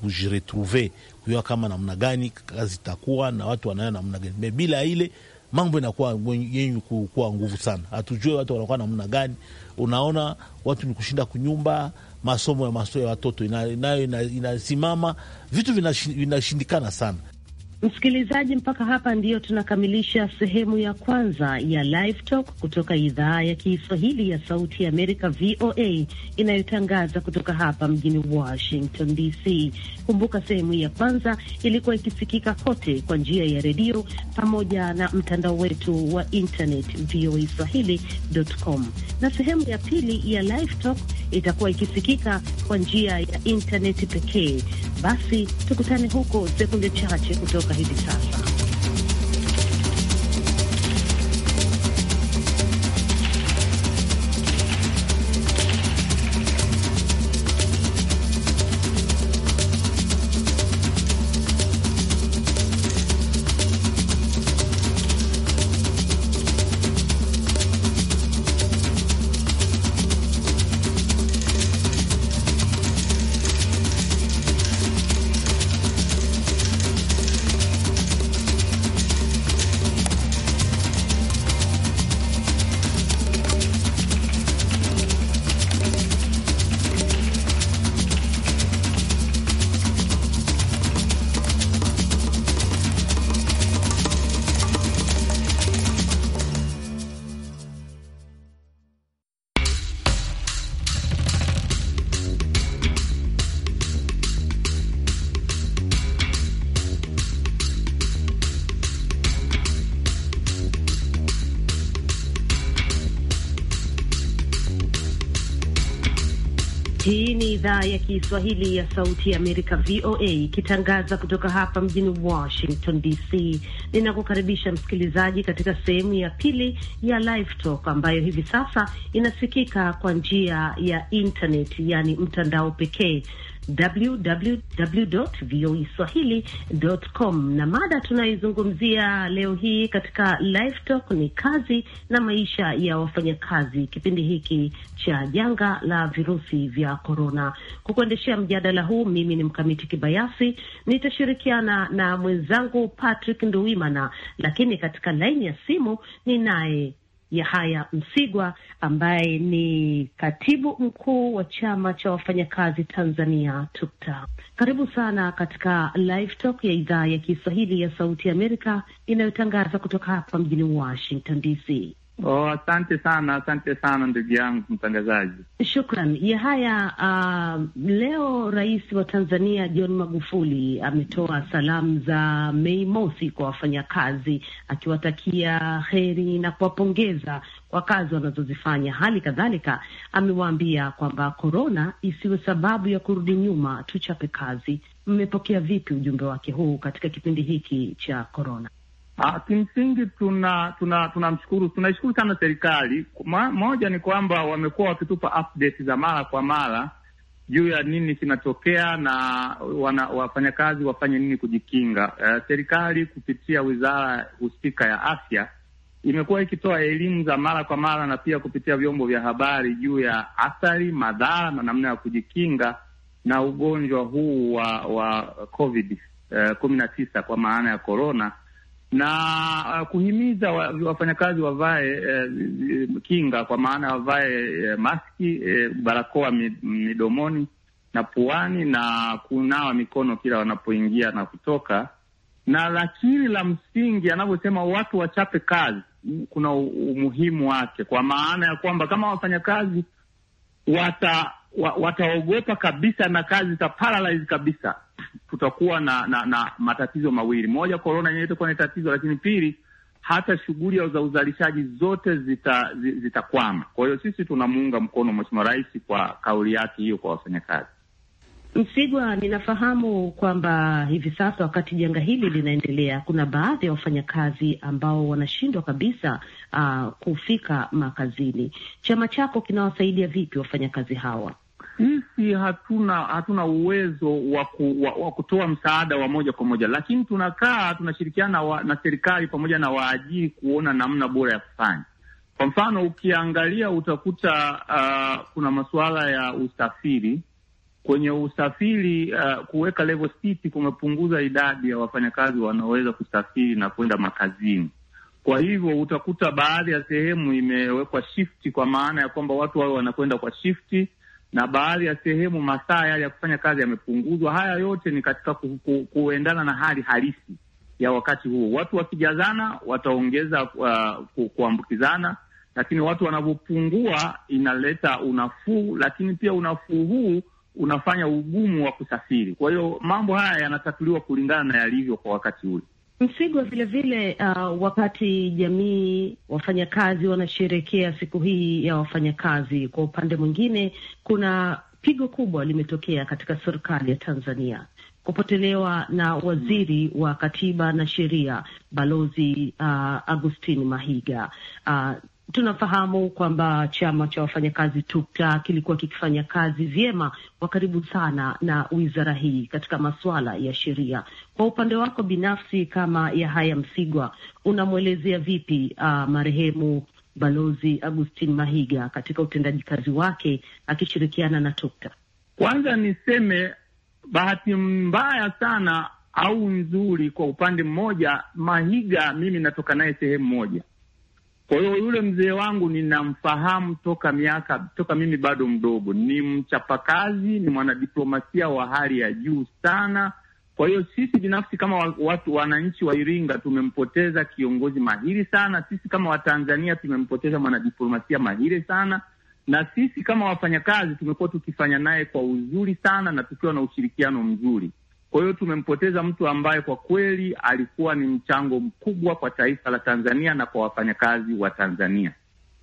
kujiretrouve, kuyoa kama namna gani kazi itakuwa na watu wanayo namna gani bila ile mambo inakuwa yenye kuwa nguvu sana, hatujue watu wanakuwa namna gani. Unaona watu ni kushinda kunyumba, masomo ya masomo ya watoto nayo inasimama, ina, ina, vitu vinashindikana sana. Msikilizaji, mpaka hapa ndiyo tunakamilisha sehemu ya kwanza ya Live Talk kutoka idhaa ya Kiswahili ya Sauti ya Amerika, VOA, inayotangaza kutoka hapa mjini Washington DC. Kumbuka, sehemu ya kwanza ilikuwa ikisikika kote kwa njia ya redio pamoja na mtandao wetu wa internet VOA swahili.com, na sehemu ya pili ya Live Talk itakuwa ikisikika kwa njia ya internet pekee. Basi tukutane huko sekunde chache kutoka hadi sasa. Hii ni idhaa ya Kiswahili ya Sauti ya Amerika, VOA, ikitangaza kutoka hapa mjini Washington DC. Ninakukaribisha msikilizaji katika sehemu ya pili ya Live Talk ambayo hivi sasa inasikika kwa njia ya intaneti, yaani mtandao pekee www.voaswahili.com, na mada tunayoizungumzia leo hii katika live talk ni kazi na maisha ya wafanyakazi kipindi hiki cha janga la virusi vya korona. Kukuendeshea mjadala huu, mimi ni Mkamiti Kibayasi, nitashirikiana na mwenzangu Patrick Nduwimana, lakini katika laini ya simu ni naye Yahaya Msigwa ambaye ni katibu mkuu wa chama cha wafanyakazi Tanzania tukta. Karibu sana katika Live Talk ya idhaa ya Kiswahili ya Sauti Amerika inayotangaza kutoka hapa mjini Washington DC. Oh, asante sana, asante sana ndugu yangu mtangazaji, shukran ya haya. Uh, ah, leo Rais wa Tanzania John Magufuli ametoa salamu za Mei Mosi kwa wafanyakazi, akiwatakia heri na kuwapongeza kwa kazi wanazozifanya. Hali kadhalika amewaambia kwamba korona isiwe sababu ya kurudi nyuma, tuchape kazi. Mmepokea vipi ujumbe wake huu katika kipindi hiki cha korona? Ah, kimsingi tuna tunamshukuru tuna tunaishukuru sana serikali. Moja ni kwamba wamekuwa wakitupa update za mara kwa mara juu ya nini kinatokea na wana, wafanyakazi wafanye nini kujikinga. Uh, serikali kupitia wizara husika ya afya imekuwa ikitoa elimu za mara kwa mara na pia kupitia vyombo vya habari juu ya athari, madhara na namna ya kujikinga na ugonjwa huu wa wa COVID eh, kumi na tisa kwa maana ya korona na uh, kuhimiza wafanyakazi wavae uh, kinga kwa maana wavae uh, maski uh, barakoa midomoni na puani na kunawa mikono kila wanapoingia na kutoka. Na lakini la msingi anavyosema watu wachape kazi, kuna umuhimu wake, kwa maana ya kwamba kama wafanyakazi wata wa, wataogopa kabisa na kazi zita paralyze kabisa. Tutakuwa na, na, na matatizo mawili: moja, korona yenyewe itakuwa ni tatizo, lakini pili, hata shughuli za uzalishaji zote zitakwama zita. Kwa hiyo sisi tunamuunga mkono Mheshimiwa Rais kwa kauli yake hiyo kwa wafanyakazi. Msigwa, ninafahamu kwamba hivi sasa wakati janga hili linaendelea, kuna baadhi ya wafanyakazi ambao wanashindwa kabisa uh, kufika makazini. Chama chako kinawasaidia vipi wafanyakazi hawa? sisi hatuna hatuna uwezo wa, wa, kutoa msaada wa moja kwa moja, lakini tunakaa tunashirikiana na, na serikali pamoja na waajiri kuona namna bora ya kufanya. Kwa mfano ukiangalia utakuta uh, kuna masuala ya usafiri. Kwenye usafiri uh, kuweka level siti kumepunguza idadi ya wafanyakazi wanaoweza kusafiri na kwenda makazini. Kwa hivyo utakuta baadhi ya sehemu imewekwa shifti, kwa maana ya kwamba watu wao wanakwenda kwa shifti na baadhi ya sehemu masaa yale ya kufanya kazi yamepunguzwa. Haya yote ni katika ku, ku, kuendana na hali halisi ya wakati huo. Watu wakijazana wataongeza uh, kuambukizana, lakini watu wanavyopungua inaleta unafuu, lakini pia unafuu huu unafanya ugumu wa kusafiri. Kwa hiyo mambo haya yanatatuliwa kulingana na yalivyo kwa wakati ule. Msigwa vilevile uh, wakati jamii wafanyakazi wanasherekea siku hii ya wafanyakazi, kwa upande mwingine kuna pigo kubwa limetokea katika serikali ya Tanzania kupotelewa na waziri wa katiba na sheria Balozi uh, Agustini Mahiga. Uh, tunafahamu kwamba chama cha wafanyakazi tukta kilikuwa kikifanya kazi vyema kwa karibu sana na wizara hii katika masuala ya sheria. Kwa upande wako binafsi, kama Yahaya Msigwa, unamwelezea vipi uh, marehemu Balozi agustin Mahiga katika utendaji kazi wake akishirikiana na tukta Kwanza niseme bahati mbaya sana au nzuri, kwa upande mmoja, Mahiga mimi natoka naye sehemu moja kwa hiyo yule mzee wangu ninamfahamu toka miaka toka mimi bado mdogo. Ni mchapakazi, ni mwanadiplomasia wa hali ya juu sana. Kwa hiyo sisi binafsi kama watu wananchi wa Iringa tumempoteza kiongozi mahiri sana. Sisi kama Watanzania tumempoteza mwanadiplomasia mahiri sana, na sisi kama wafanyakazi tumekuwa tukifanya naye kwa uzuri sana na tukiwa na ushirikiano mzuri. Kwa hiyo tumempoteza mtu ambaye kwa kweli alikuwa ni mchango mkubwa kwa taifa la Tanzania na kwa wafanyakazi wa Tanzania.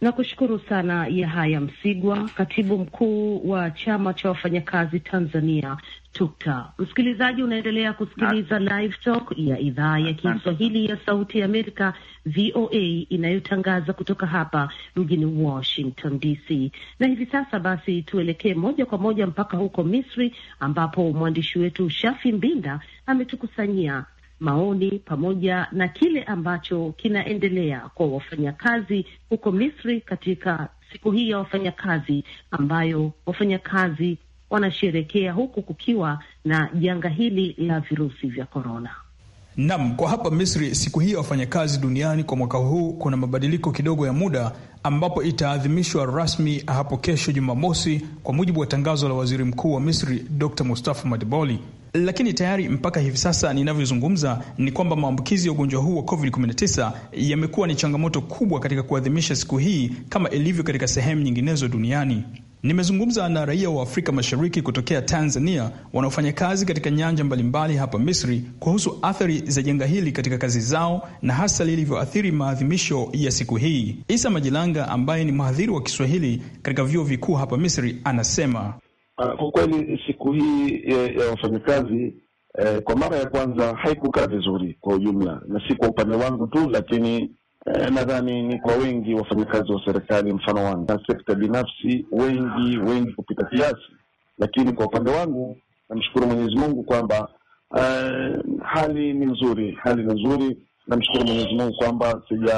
Nakushukuru sana Yahaya Msigwa, katibu mkuu wa chama cha wafanyakazi Tanzania, Tukta. Msikilizaji, unaendelea kusikiliza ah. Live Talk ya idhaa ya Kiswahili ya Sauti ya Amerika, VOA, inayotangaza kutoka hapa mjini Washington DC. Na hivi sasa basi, tuelekee moja kwa moja mpaka huko Misri, ambapo mwandishi wetu Shafi Mbinda ametukusanyia maoni pamoja na kile ambacho kinaendelea kwa wafanyakazi huko Misri katika siku hii ya wafanyakazi ambayo wafanyakazi wanasherekea huku kukiwa na janga hili la virusi vya korona. Nam, kwa hapa Misri siku hii ya wafanyakazi duniani kwa mwaka huu kuna mabadiliko kidogo ya muda, ambapo itaadhimishwa rasmi hapo kesho Jumamosi, kwa mujibu wa tangazo la waziri mkuu wa Misri Dr Mustafa Madiboli. Lakini tayari mpaka hivi sasa ninavyozungumza ni kwamba maambukizi ya ugonjwa huu wa COVID-19 yamekuwa ni changamoto kubwa katika kuadhimisha siku hii kama ilivyo katika sehemu nyinginezo duniani. Nimezungumza na raia wa Afrika Mashariki kutokea Tanzania wanaofanya kazi katika nyanja mbalimbali hapa Misri kuhusu athari za janga hili katika kazi zao na hasa lilivyoathiri maadhimisho ya siku hii. Isa Majilanga ambaye ni mhadhiri wa Kiswahili katika vyuo vikuu hapa Misri anasema ah, kwa kweli siku hii eh, ya wafanyakazi eh, kwa mara ya kwanza haikukaa vizuri kwa ujumla, na si kwa upande wangu tu, lakini Eh, nadhani ni kwa wengi wafanyakazi wa serikali mfano wangu na sekta binafsi, wengi wengi kupita kiasi, lakini kwa upande wangu namshukuru Mwenyezi Mungu kwamba eh, hali ni nzuri, hali ni nzuri. Namshukuru Mwenyezi Mungu kwamba sija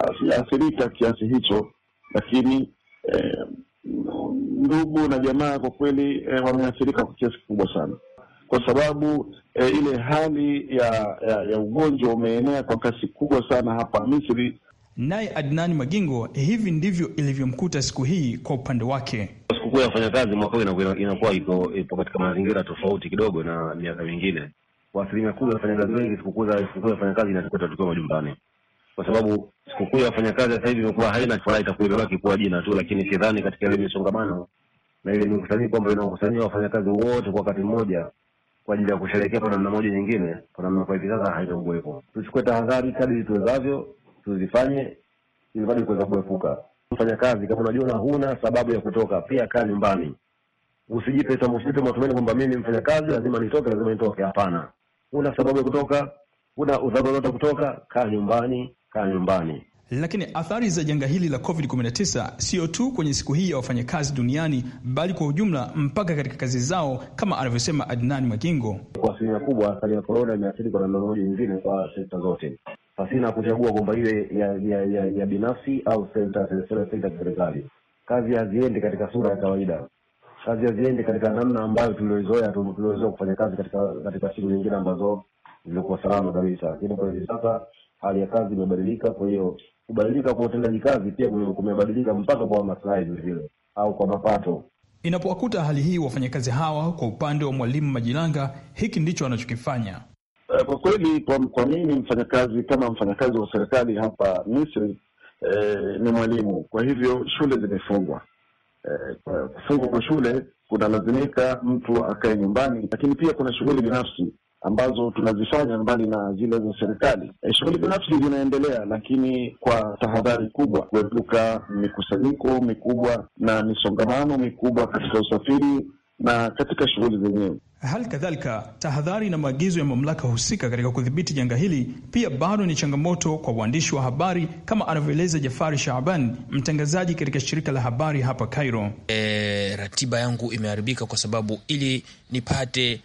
ah, sijaathirika kiasi hicho, lakini eh, ndugu na jamaa kwa kweli eh, wameathirika kwa kiasi kikubwa sana kwa sababu e, ile hali ya, ya, ya ugonjwa umeenea kwa kasi kubwa sana hapa Misri. Naye Adnani Magingo, eh, hivi ndivyo ilivyomkuta siku hii kwa upande wake. Sikukuu ya wafanyakazi mwaka huu inakuwa iko ipo katika mazingira tofauti kidogo na miaka mingine. Kwa asilimia kubwa ya wafanyakazi wengi, sikukuu ya wafanyakazi inatukuta tukiwa majumbani, kwa sababu sikukuu ya wafanyakazi sasa hivi imekuwa haina furaha, itakuwa imebaki kuwa jina tu, lakini sidhani katika ile misongamano na ile mikusanyiko ambayo inawakusanyia wafanyakazi wote kwa wakati mmoja kwa ajili ya kusherekea kwa namna moja nyingine, kwa namna kwa hivi sasa haitakuwepo. Tuchukue tahadhari kadri tuwezavyo, tuzifanye ili bado kuweza kuepuka fanya kazi. Kama unajiona huna sababu ya kutoka, pia kaa nyumbani, usijipe usijipe matumaini kwamba mimi mfanya kazi lazima nitoke, lazima nitoke. Hapana, una sababu ya kutoka, una udhabu wote kutoka, kaa nyumbani, kaa nyumbani. Lakini athari za janga hili la COVID-19 sio tu kwenye siku hii ya wafanyakazi duniani, bali kwa ujumla mpaka katika kazi zao, kama anavyosema Adnan Magingo. Kwa asilimia kubwa, athari ya korona imeathiri kwa namna moja nyingine kwa sekta zote, pasina kuchagua kwamba iwe ya, ya, ya, ya binafsi au sekta ya serikali. Kazi haziendi katika sura ya kawaida, kazi haziendi katika namna ambayo tuliozoea tuliozoea kufanya kazi katika katika siku nyingine ambazo zilikuwa salama kabisa, lakini kwa hivi sasa hali ya kazi imebadilika, kwa hiyo kubadilika kwa utendaji kazi pia kumebadilika mpaka kwa maslahi vilevile au kwa mapato. Inapowakuta hali hii wafanyakazi hawa, kwa upande wa Mwalimu Majilanga, hiki ndicho anachokifanya. Eh, kwa kweli, kwa, kwa mimi mfanyakazi kama mfanyakazi wa serikali hapa Misri eh, ni mwalimu, kwa hivyo shule zimefungwa. Eh, kufungwa kwa shule kunalazimika mtu akae nyumbani, lakini pia kuna shughuli binafsi ambazo tunazifanya mbali na zile za serikali. E, shughuli binafsi zinaendelea, lakini kwa tahadhari kubwa, kuepuka mikusanyiko mikubwa na misongamano mikubwa katika usafiri na katika shughuli zenyewe. Hali kadhalika tahadhari na maagizo ya mamlaka husika katika kudhibiti janga hili pia bado ni changamoto kwa waandishi wa habari, kama anavyoeleza Jafari Shaaban, mtangazaji katika shirika la habari hapa Cairo. E, ratiba yangu imeharibika kwa sababu ili nipate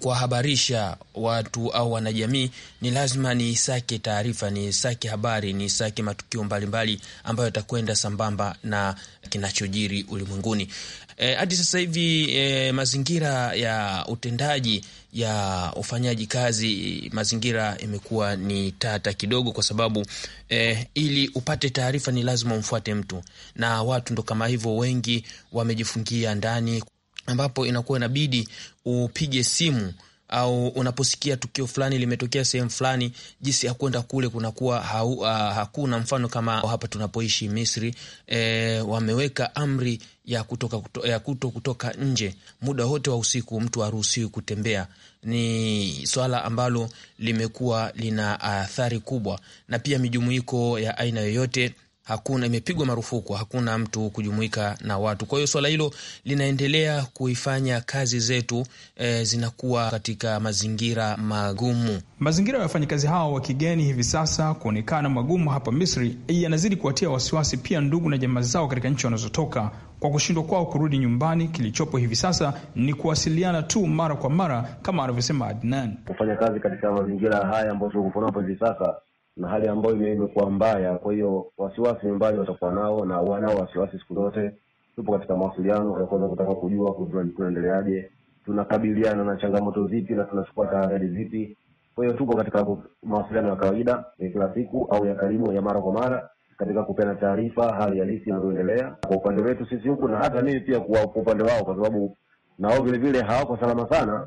kuwahabarisha watu au wanajamii, ni lazima niisake taarifa, niisake habari, niisake matukio mbalimbali mbali ambayo yatakwenda sambamba na kinachojiri ulimwenguni. E, hadi sasa hivi e, mazingira ya utendaji ya ufanyaji kazi, mazingira imekuwa ni tata kidogo, kwa sababu e, ili upate taarifa ni lazima umfuate mtu, na watu ndo kama hivyo, wengi wamejifungia ndani ambapo inakuwa inabidi upige simu au unaposikia tukio fulani limetokea sehemu fulani, jinsi ya kwenda kule kunakuwa hau, uh, hakuna. Mfano kama hapa tunapoishi Misri, e, wameweka amri ya kutoka, kuto, ya kuto kutoka nje muda wote wa usiku, mtu haruhusiwi kutembea. Ni swala ambalo limekuwa lina athari kubwa, na pia mijumuiko ya aina yoyote hakuna imepigwa marufuku, hakuna mtu kujumuika na watu. Kwa hiyo swala hilo linaendelea kuifanya kazi zetu e, zinakuwa katika mazingira magumu. Mazingira ya wafanyakazi hao wa kigeni hivi sasa kuonekana magumu hapa Misri yanazidi kuwatia wasiwasi pia ndugu na jamaa zao katika nchi wanazotoka kwa kushindwa kwao kurudi nyumbani, kilichopo hivi sasa ni kuwasiliana tu mara kwa mara, kama anavyosema Adnan, kufanya kazi katika mazingira haya ambayo tuko hivi sasa na hali ambayo imekuwa mbaya. Kwa hiyo wasiwasi nyumbani watakuwa nao na wanao wasiwasi siku zote. Tupo katika mawasiliano ya kuweza kutaka kujua kuendeleaje tunakabiliana na changamoto zipi na tunachukua tahadhari zipi. Kwa hiyo tuko katika mawasiliano ya kawaida ya kila siku au ya karibu ya mara kwa mara katika kupeana taarifa hali halisi inavyoendelea kwa upande wetu sisi huku na hata mimi pia kwa upande wao, kwa sababu na vilevile vile vile hawako salama sana,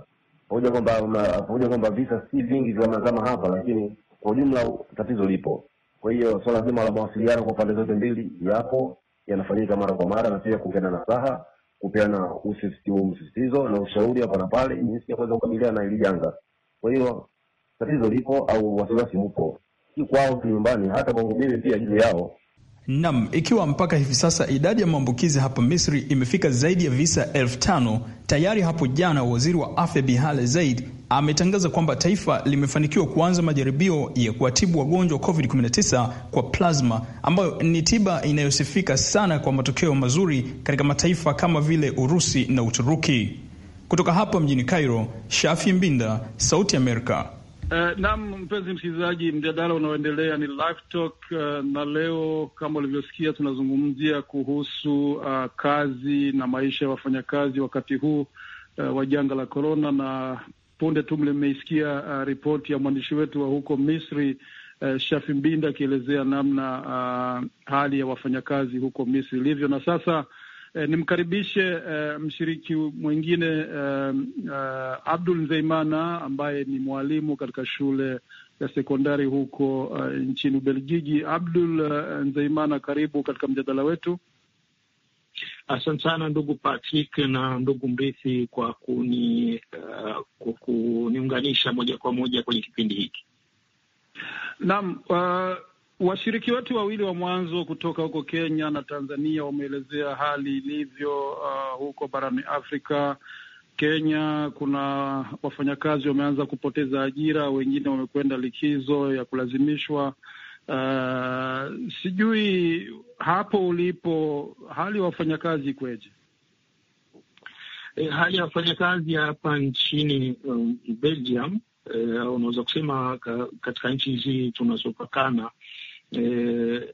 pamoja kwamba pamoja kwamba visa si vingi vya mazama hapa, lakini kwa ujumla tatizo lipo. Kwa hiyo swala zima la mawasiliano kwa pande zote mbili yapo, yanafanyika mara kwa mara, na pia kupeana nasaha, kupeana msisitizo na ushauri hapa na pale, jinsi ya kuweza kukabiliana na hili janga. Kwa hiyo tatizo lipo au wasiwasi upo, si kwao tu nyumbani, hata kwangu mimi pia juu yao. Nam, ikiwa mpaka hivi sasa idadi ya maambukizi hapa Misri imefika zaidi ya visa elfu tano tayari. Hapo jana waziri wa afya Bihale Zaid ametangaza kwamba taifa limefanikiwa kuanza majaribio ya kuwatibu wagonjwa wa COVID-19 kwa plasma ambayo ni tiba inayosifika sana kwa matokeo mazuri katika mataifa kama vile Urusi na Uturuki. Kutoka hapa mjini Cairo, Shafi Mbinda, Sauti Amerika. Uh, naam mpenzi msikilizaji, mjadala unaoendelea ni live talk, uh, na leo kama ulivyosikia tunazungumzia kuhusu uh, kazi na maisha ya wafanyakazi wakati huu uh, wa janga la korona, na Punde tu mlimeisikia uh, ripoti ya mwandishi wetu wa huko Misri uh, Shafi Mbinda akielezea namna uh, hali ya wafanyakazi huko Misri ilivyo na sasa uh, nimkaribishe uh, mshiriki mwingine uh, uh, Abdul Nzeimana ambaye ni mwalimu katika shule ya sekondari huko uh, nchini Ubelgiji. Abdul uh, Nzeimana, karibu katika mjadala wetu. Asante sana ndugu Patrick na ndugu Mrithi kwa kuni uh, kuniunganisha moja kwa moja kwenye kipindi hiki. Naam, uh, washiriki wetu wawili wa mwanzo kutoka huko Kenya na Tanzania wameelezea hali ilivyo uh, huko barani Afrika. Kenya kuna wafanyakazi wameanza kupoteza ajira, wengine wamekwenda likizo ya kulazimishwa Uh, sijui hapo ulipo hali ya wafanyakazi ikweje? E, hali ya wafanyakazi hapa nchini um, Belgium e, unaweza kusema ka, katika nchi hizi tunazopakana e,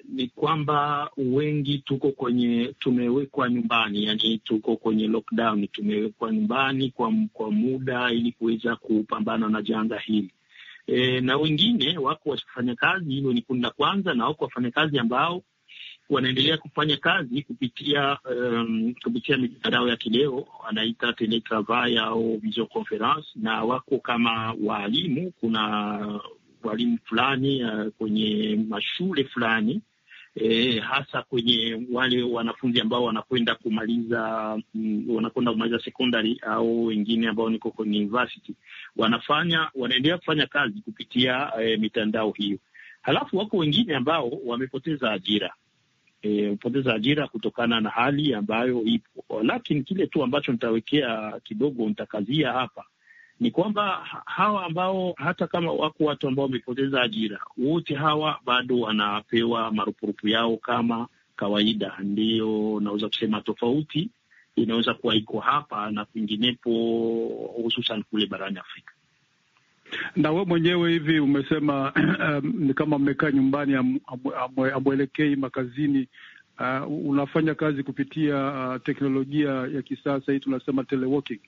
ni kwamba wengi tuko kwenye tumewekwa nyumbani, yani tuko kwenye lockdown, tumewekwa nyumbani kwa, kwa muda ili kuweza kupambana na janga hili e, na wengine wako wafanyakazi, hilo ni kundi la kwanza, na wako wafanyakazi ambao wanaendelea kufanya kazi kupitia um, kupitia mitandao ya kileo anaita teletravai au video conference, na wako kama waalimu. Kuna walimu fulani uh, kwenye mashule fulani e, hasa kwenye wale wanafunzi ambao wanakwenda kumaliza mm, wanakwenda kumaliza sekondari au wengine ambao niko kwenye university wanafanya wanaendelea kufanya kazi kupitia e, mitandao hiyo. Halafu wako wengine ambao wamepoteza ajira e, hupoteza e, ajira kutokana na hali ambayo ipo, lakini kile tu ambacho nitawekea kidogo nitakazia hapa ni kwamba hawa ambao hata kama wako watu ambao wamepoteza ajira, wote hawa bado wanapewa marupurupu yao kama kawaida. Ndiyo naweza kusema tofauti inaweza kuwa iko hapa na kwinginepo, hususan kule barani Afrika. Na we mwenyewe hivi umesema um, ni kama mmekaa nyumbani, amwelekei makazini. Uh, unafanya kazi kupitia uh, teknolojia ya kisasa hii tunasema teleworking.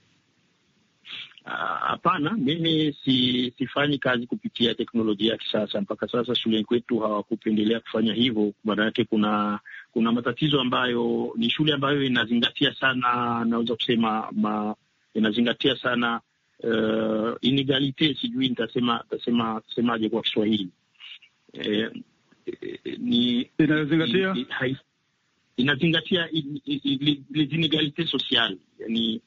Ah, hapana, mimi si, sifanyi kazi kupitia teknolojia ya kisasa. Mpaka sasa shuleni kwetu hawakupendelea kufanya hivyo. Maana yake kuna kuna matatizo ambayo ni shule ambayo inazingatia sana, naweza kusema ma, inazingatia sana uh, eh, inegalite, sijui nitasema tasema kwa Kiswahili eh, eh, ni inazingatia in, in, inazingatia in, in, in, yani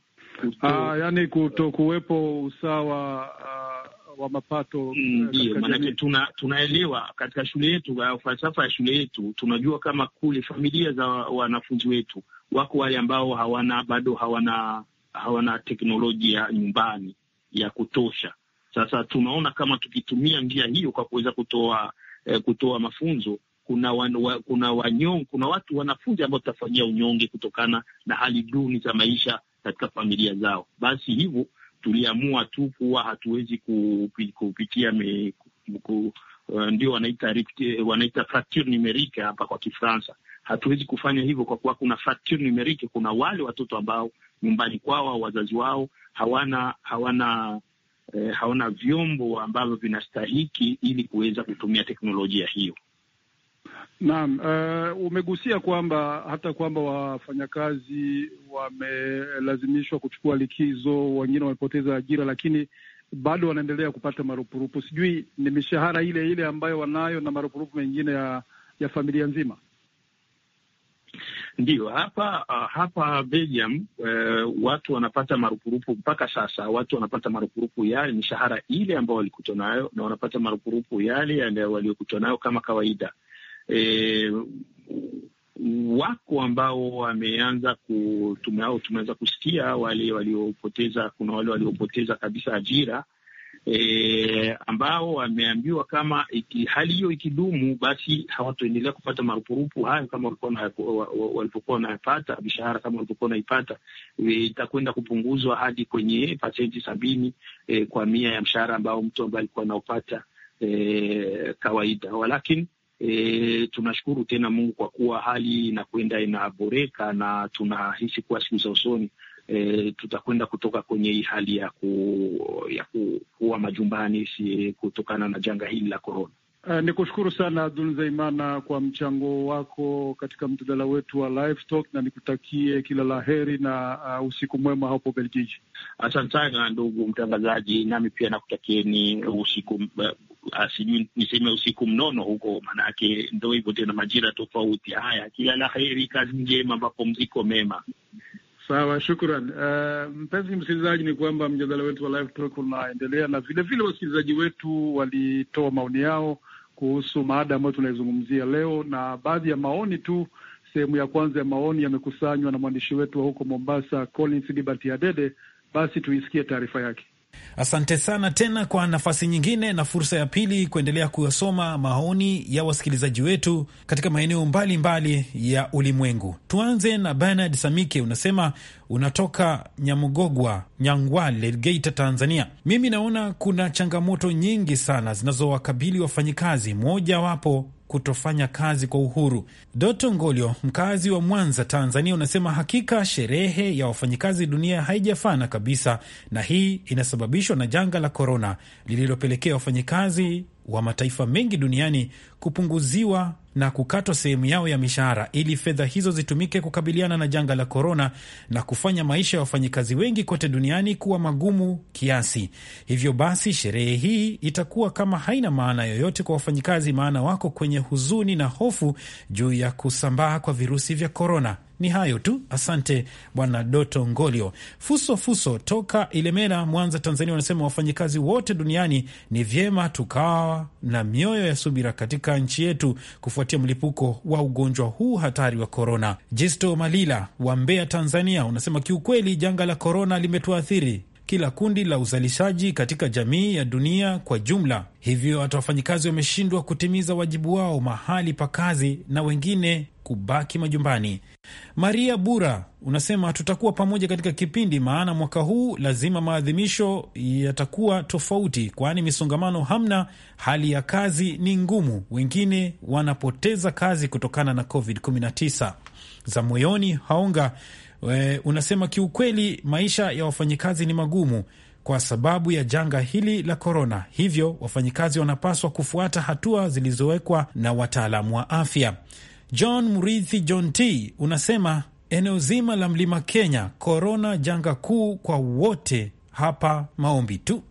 Aa, ah, yani kutokuwepo usawa uh, wa mapato eh, mm, ndio maanake tuna, tunaelewa katika shule yetu uh, falsafa ya shule yetu tunajua kama kule familia za wanafunzi wetu wako wale ambao hawana bado hawana hawana teknolojia nyumbani ya kutosha. Sasa tunaona kama tukitumia njia hiyo kwa kuweza kutoa eh, kutoa mafunzo kuna wa, kuna wanyong, kuna watu wanafunzi ambao tutafanyia unyonge kutokana na hali duni za maisha katika familia zao. Basi hivyo tuliamua tu kuwa hatuwezi kupitia me, ku, uh, ndio wanaita wanaita fracture numerique hapa kwa Kifaransa. Hatuwezi kufanya hivyo kwa kuwa kuna fracture numerique. Kuna wale watoto ambao nyumbani kwao wazazi wao hawana hawana eh, hawana vyombo ambavyo vinastahiki ili kuweza kutumia teknolojia hiyo. Naam, uh, umegusia kwamba hata kwamba wafanyakazi wamelazimishwa kuchukua likizo, wengine wamepoteza ajira, lakini bado wanaendelea kupata marupurupu. Sijui ni mishahara ile ile ambayo wanayo na marupurupu mengine ya, ya familia nzima. Ndiyo, hapa ah, hapa Belgium uh, watu wanapata marupurupu mpaka sasa, watu wanapata marupurupu yale mishahara ile ambayo walikutwa nayo, na wanapata marupurupu yale yale waliokutwa nayo kama kawaida e, wako ambao wameanza kutumao, tumeweza kusikia wale waliopoteza, kuna wale waliopoteza kabisa ajira e, ambao wameambiwa kama iki, hali hiyo ikidumu, basi hawatoendelea kupata marupurupu hayo kama walipokuwa wanayapata, mishahara kama walipokuwa wanaipata, e, itakwenda kupunguzwa hadi kwenye pasenti sabini e, kwa mia ya mshahara ambao mtu ambaye alikuwa anaopata e, kawaida walakini E, tunashukuru tena Mungu kwa kuwa hali inakwenda inaboreka na tunahisi kuwa siku za usoni e, tutakwenda kutoka kwenye hii hali ya, ku, ya ku, kuwa majumbani si kutokana na janga hili la korona. Uh, e, ni kushukuru sana Abdul Zaimana kwa mchango wako katika mjadala wetu wa livestock, na nikutakie kila la heri na uh, usiku mwema hapo Belgiji. Asante sana ndugu mtangazaji, nami pia nakutakieni usiku e, Ah, sijui niseme usiku mnono huko, maanake ndo hivyo tena, majira tofauti. Haya, kila la heri, kazi njema, ambapo mziko mema. Sawa, shukran. Uh, mpenzi msikilizaji, ni kwamba mjadala wetu wa Live Talk unaendelea na vilevile wasikilizaji wetu walitoa maoni yao kuhusu maada ambayo tunaizungumzia leo, na baadhi ya maoni tu. Sehemu ya kwanza ya maoni yamekusanywa na mwandishi wetu wa huko Mombasa, Collins Liberty Adede. Basi tuisikie taarifa yake. Asante sana tena kwa nafasi nyingine na fursa ya pili kuendelea kuyasoma maoni ya wasikilizaji wetu katika maeneo mbalimbali ya ulimwengu. Tuanze na Bernard Samike, unasema unatoka Nyamugogwa, Nyangwale, Geita, Tanzania. Mimi naona kuna changamoto nyingi sana zinazowakabili wafanyikazi, mojawapo kutofanya kazi kwa uhuru. Doto Ngolio, mkazi wa Mwanza, Tanzania, unasema hakika sherehe ya wafanyikazi dunia haijafana kabisa, na hii inasababishwa na janga la korona lililopelekea wafanyikazi wa mataifa mengi duniani kupunguziwa na kukatwa sehemu yao ya mishahara ili fedha hizo zitumike kukabiliana na janga la korona na kufanya maisha ya wafanyikazi wengi kote duniani kuwa magumu kiasi. Hivyo basi, sherehe hii itakuwa kama haina maana yoyote kwa wafanyikazi, maana wako kwenye huzuni na hofu juu ya kusambaa kwa virusi vya korona. Ni hayo tu, asante Bwana Doto Ngolio. Fuso Fuso toka Ilemela, Mwanza, Tanzania, wanasema wafanyikazi wote duniani ni vyema tukawa na mioyo ya subira katika nchi yetu kufuatia mlipuko wa ugonjwa huu hatari wa korona. Jisto Malila wa Mbeya, Tanzania, unasema kiukweli janga la korona limetuathiri kila kundi la uzalishaji katika jamii ya dunia kwa jumla. Hivyo hata wafanyikazi wameshindwa kutimiza wajibu wao mahali pa kazi na wengine kubaki majumbani. Maria Bura unasema tutakuwa pamoja katika kipindi, maana mwaka huu lazima maadhimisho yatakuwa tofauti, kwani misongamano hamna, hali ya kazi ni ngumu, wengine wanapoteza kazi kutokana na COVID-19. Za moyoni haonga We, unasema kiukweli maisha ya wafanyikazi ni magumu kwa sababu ya janga hili la korona, hivyo wafanyikazi wanapaswa kufuata hatua zilizowekwa na wataalamu wa afya. John Murithi John T unasema eneo zima la mlima Kenya, korona janga kuu kwa wote hapa, maombi tu.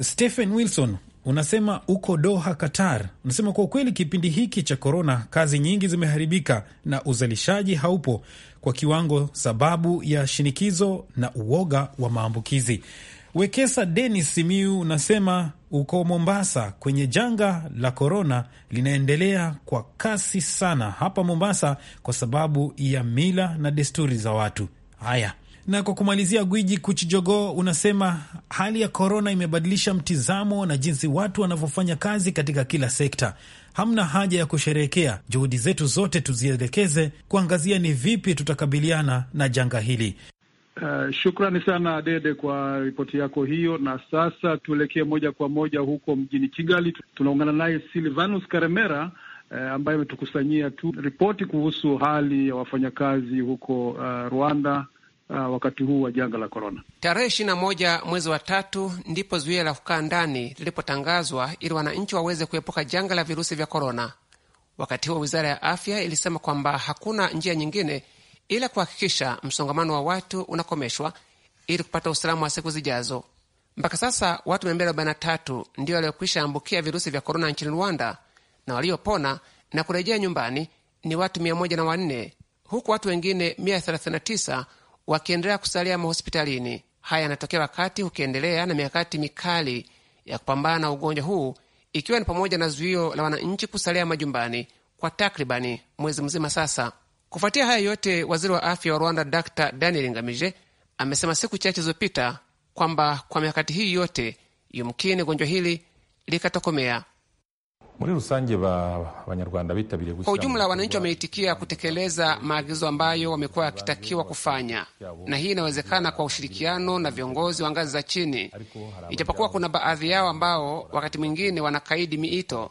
Stephen Wilson unasema uko Doha, Qatar. Unasema kwa ukweli, kipindi hiki cha korona kazi nyingi zimeharibika na uzalishaji haupo, kwa kiwango sababu ya shinikizo na uoga wa maambukizi. Wekesa Denis Simiu unasema uko Mombasa kwenye janga la korona linaendelea kwa kasi sana hapa Mombasa kwa sababu ya mila na desturi za watu. Haya, na kwa kumalizia, Gwiji Kuchijogoo unasema hali ya korona imebadilisha mtizamo na jinsi watu wanavyofanya kazi katika kila sekta hamna haja ya kusherehekea. Juhudi zetu zote tuzielekeze kuangazia ni vipi tutakabiliana na janga hili. Uh, shukrani sana Dede kwa ripoti yako hiyo, na sasa tuelekee moja kwa moja huko mjini Kigali. Tunaungana naye Silvanus Karemera uh, ambaye ametukusanyia tu ripoti kuhusu hali ya wafanyakazi huko uh, Rwanda uh, wakati huu wa janga la korona. Tarehe ishirini na moja mwezi wa tatu ndipo zuio la kukaa ndani lilipotangazwa ili wananchi waweze kuepuka janga la virusi vya korona. Wakati huo wizara ya afya ilisema kwamba hakuna njia nyingine ila kuhakikisha msongamano wa watu unakomeshwa ili kupata usalama wa siku zijazo. Mpaka sasa watu tatu ndio waliokwisha ambukia virusi vya korona nchini Rwanda, na waliopona na kurejea nyumbani ni watu 104 huku watu wengine 139 wakiendelea kusalia mahospitalini. Haya yanatokea wakati ukiendelea na mikakati mikali ya kupambana na ugonjwa huu, ikiwa ni pamoja na zuio la wananchi kusalia majumbani kwa takribani mwezi mzima sasa. Kufuatia haya yote, waziri wa afya wa Rwanda Dr Daniel Ngamije amesema siku chache zilizopita kwamba kwa mikakati hii yote, yumkini gonjwa hili likatokomea. Kwa ujumla, wananchi wameitikia kutekeleza maagizo ambayo wamekuwa wakitakiwa kufanya, na hii inawezekana kwa ushirikiano na viongozi wa ngazi za chini, ijapokuwa kuna baadhi yao ambao wakati mwingine wanakaidi miito,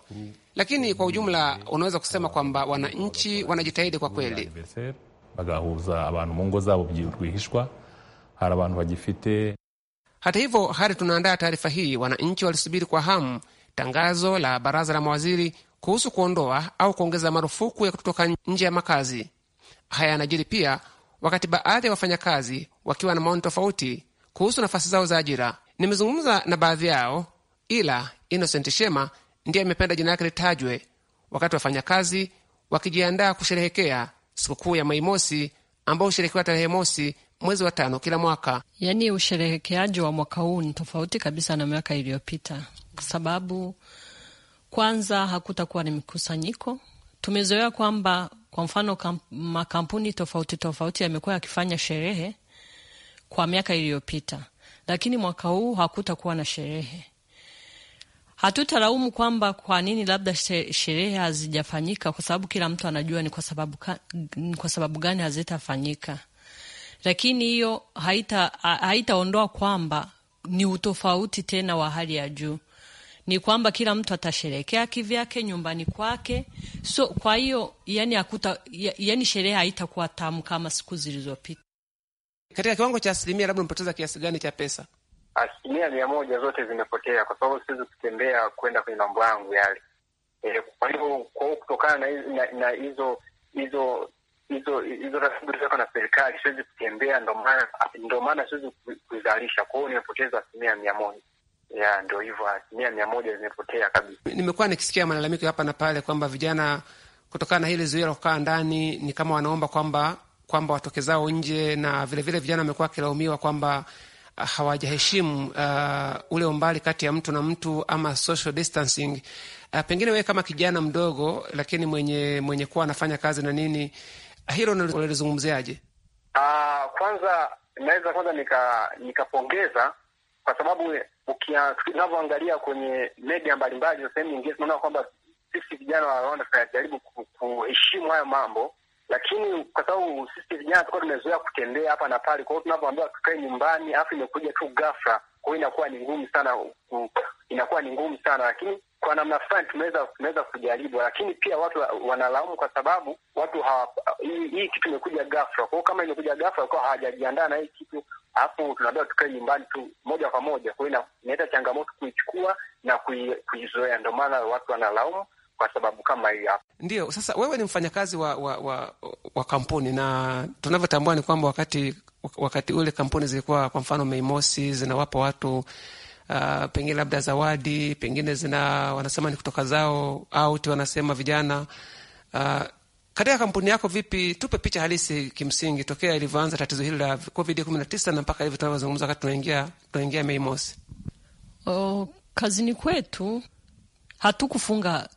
lakini kwa ujumla unaweza kusema kwamba wananchi wanajitahidi kwa kweli. Hata hivyo, hadi tunaandaa taarifa hii, wananchi walisubiri kwa hamu tangazo la baraza la mawaziri kuhusu kuondoa au kuongeza marufuku ya kutotoka nje ya makazi. Haya yanajiri pia wakati baadhi ya wafanyakazi wakiwa na maoni tofauti kuhusu nafasi zao za ajira. Nimezungumza na baadhi yao, ila Innocent Shema ndiye amependa jina yake litajwe wakati wafanyakazi wakijiandaa kusherehekea sikukuu ya Mei Mosi ambao husherehekewa tarehe mosi mwezi wa tano kila mwaka. Yaani, usherehekeaji wa mwaka huu ni tofauti kabisa na miaka iliyopita kwa sababu kwanza hakutakuwa ni mkusanyiko. Tumezoea kwamba kwa mfano kamp, makampuni tofauti tofauti yamekuwa yakifanya sherehe kwa miaka iliyopita, lakini mwaka huu hakutakuwa na sherehe. Hatutalaumu kwamba kwa nini labda sherehe hazijafanyika, kwa sababu kila mtu anajua ni kwa sababu, ni kwa sababu gani hazitafanyika, lakini hiyo haitaondoa haita kwamba ni utofauti tena wa hali ya juu ni kwamba kila mtu atasherekea kivyake nyumbani kwake. So kwa hiyo yani akuta, yani sherehe haitakuwa tamu kama siku zilizopita. Katika kiwango cha asilimia, labda umepoteza kiasi gani cha pesa? Asilimia mia moja zote zimepotea, kwa sababu siwezi kutembea kwenda kwenye mambo yangu yale. E, kwa hiyo kwa kutokana na hizo hizo hizo hizo rasimu zako na serikali, siwezi kutembea, ndo maana siwezi kuzalisha. Kwa hiyo nimepoteza asilimia mia moja ya ndo hivyo, asilimia mia moja zimepotea kabisa. Nimekuwa nikisikia malalamiko hapa na pale kwamba vijana kutokana na hili zuio la kukaa ndani ni kama wanaomba kwamba kwamba watoke zao nje, na vilevile vile vijana wamekuwa wakilaumiwa kwamba ah, hawajaheshimu uh, ule umbali kati ya mtu na mtu ama social distancing. Uh, pengine wewe kama kijana mdogo lakini mwenye mwenye kuwa anafanya kazi na nini, hilo unalizungumziaje? Uh, kwanza naweza kwanza nikapongeza nika kwa sababu unavyoangalia kwenye media mbalimbali na sehemu nyingine, tunaona kwamba sisi vijana wa Rwanda tunajaribu kuheshimu hayo mambo, lakini kwa sababu sisi vijana tulikuwa tumezoea kutembea hapa na pale, kwa hiyo tunavyoambiwa tukae nyumbani, alafu imekuja tu ghafla kwao inakuwa ni ngumu sana inakuwa ni ngumu sana lakini kwa namna fulani tumeweza tumeweza kujaribu, lakini pia watu wanalaumu kwa sababu watu hawa, hii, hii kitu imekuja ghafla. kwao. kama imekuja ghafla, kwao, hawajajiandaa na hii kitu, alafu tunaambiwa tukae nyumbani tu moja kwa moja. kwao inaleta changamoto kuichukua na kuizoea, ndio maana watu wanalaumu kwa sababu kama hapo. Ndio sasa, wewe ni mfanyakazi wa, wa, wa, wa kampuni na tunavyotambua ni kwamba wakati wakati ule kampuni zilikuwa kwa mfano Mei Mosi zinawapa watu Uh, pengine labda zawadi, pengine zina wanasema ni kutoka zao auti, wanasema vijana uh, katika kampuni yako vipi? Tupe picha halisi kimsingi, tokea ilivyoanza tatizo hili la Covid kumi na tisa na mpaka hivi tunavyozungumza, wakati tunaingia tunaingia Mei Mosi. Oh, kazini kwetu hatukufunga,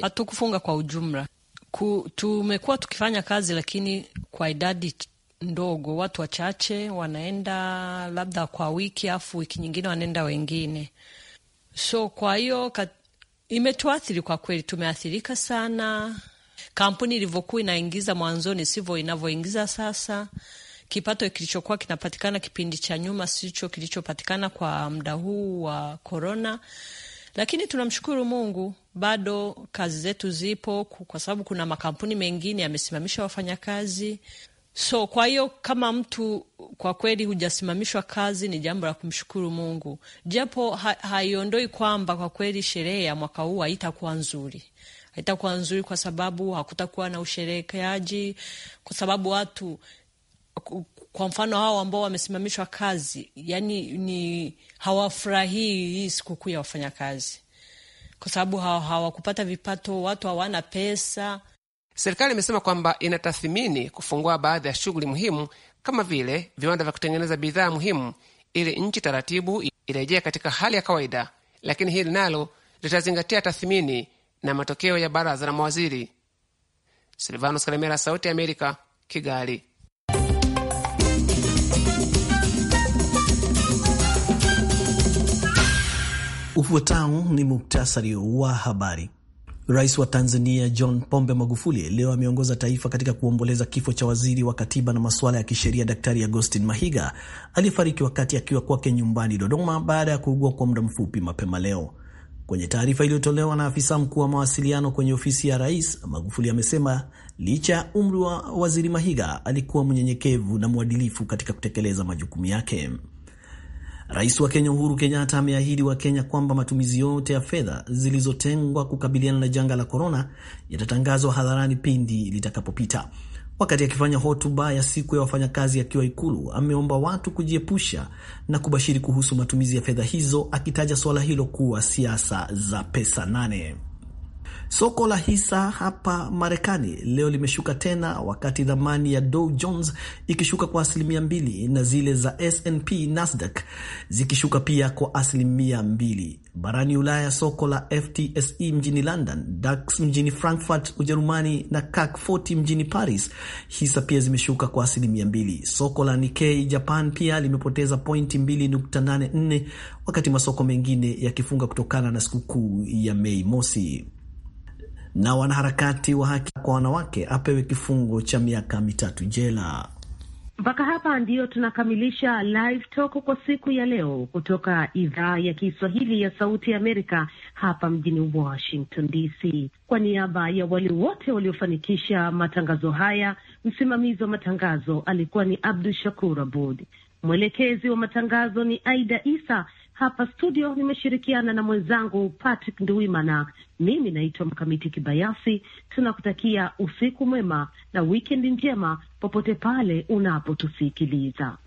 hatukufunga kwa ujumla tumekuwa tukifanya kazi lakini kwa idadi ndogo, watu wachache wanaenda labda kwa wiki, afu wiki nyingine wanaenda wengine. So kwa hiyo imetuathiri kwa kweli, tumeathirika sana. Kampuni ilivyokuwa inaingiza mwanzoni sivyo inavyoingiza sasa. Kipato kilichokuwa kinapatikana kipindi cha nyuma sicho kilichopatikana kwa muda huu wa korona, lakini tunamshukuru Mungu bado kazi zetu zipo, kwa sababu kuna makampuni mengine yamesimamisha wafanyakazi. So kwa hiyo kama mtu kwa kweli hujasimamishwa kazi, ni jambo la kumshukuru Mungu, japo ha haiondoi kwamba kwa kweli sherehe ya mwaka huu haitakuwa nzuri. Haitakuwa nzuri kwa sababu hakutakuwa na usherekeaji, kwa sababu watu, kwa mfano hao ambao wamesimamishwa kazi, yani ni hawafurahii hii sikukuu ya wafanyakazi, kwa sababu hawakupata vipato, watu hawana pesa Serikali imesema kwamba inatathimini kufungua baadhi ya shughuli muhimu kama vile viwanda vya kutengeneza bidhaa muhimu ili nchi taratibu irejea katika hali ya kawaida, lakini hili nalo litazingatia tathimini na matokeo ya baraza la mawaziri. Silvanos Kalemera, Sauti ya Amerika, Kigali. Ufuatao ni muktasari wa habari. Rais wa Tanzania John Pombe Magufuli leo ameongoza taifa katika kuomboleza kifo cha waziri wa katiba na masuala ya kisheria Daktari Agostin Mahiga aliyefariki wakati akiwa kwake nyumbani Dodoma baada ya kuugua kwa muda mfupi mapema leo. Kwenye taarifa iliyotolewa na afisa mkuu wa mawasiliano kwenye ofisi ya rais, Magufuli amesema licha ya umri wa waziri Mahiga alikuwa mnyenyekevu na mwadilifu katika kutekeleza majukumu yake. Rais wa Kenya Uhuru Kenyatta ameahidi Wakenya kwamba matumizi yote ya fedha zilizotengwa kukabiliana na janga la korona yatatangazwa hadharani pindi litakapopita. Wakati akifanya hotuba ya siku ya wafanyakazi akiwa Ikulu, ameomba watu kujiepusha na kubashiri kuhusu matumizi ya fedha hizo, akitaja suala hilo kuwa siasa za pesa nane. Soko la hisa hapa Marekani leo limeshuka tena, wakati dhamani ya Dow Jones ikishuka kwa asilimia mbili na zile za SNP Nasdaq zikishuka pia kwa asilimia mbili. Barani Ulaya, soko la FTSE mjini London, DAX mjini Frankfurt Ujerumani na CAC 40 mjini Paris, hisa pia zimeshuka kwa asilimia mbili. Soko la Nikkei Japan pia limepoteza pointi 2.84 wakati masoko mengine yakifunga kutokana na sikukuu ya Mei Mosi na wanaharakati wa haki kwa wanawake apewe kifungo cha miaka mitatu jela. Mpaka hapa ndiyo tunakamilisha live talk kwa siku ya leo kutoka idhaa ya Kiswahili ya Sauti ya Amerika hapa mjini Washington DC. Kwa niaba ya wale wote waliofanikisha matangazo haya, msimamizi wa matangazo alikuwa ni Abdu Shakur Abud, mwelekezi wa matangazo ni Aida Isa. Hapa studio nimeshirikiana na mwenzangu Patrick nduimana Mimi naitwa Mkamiti Kibayasi. Tunakutakia usiku mwema na wikendi njema popote pale unapotusikiliza.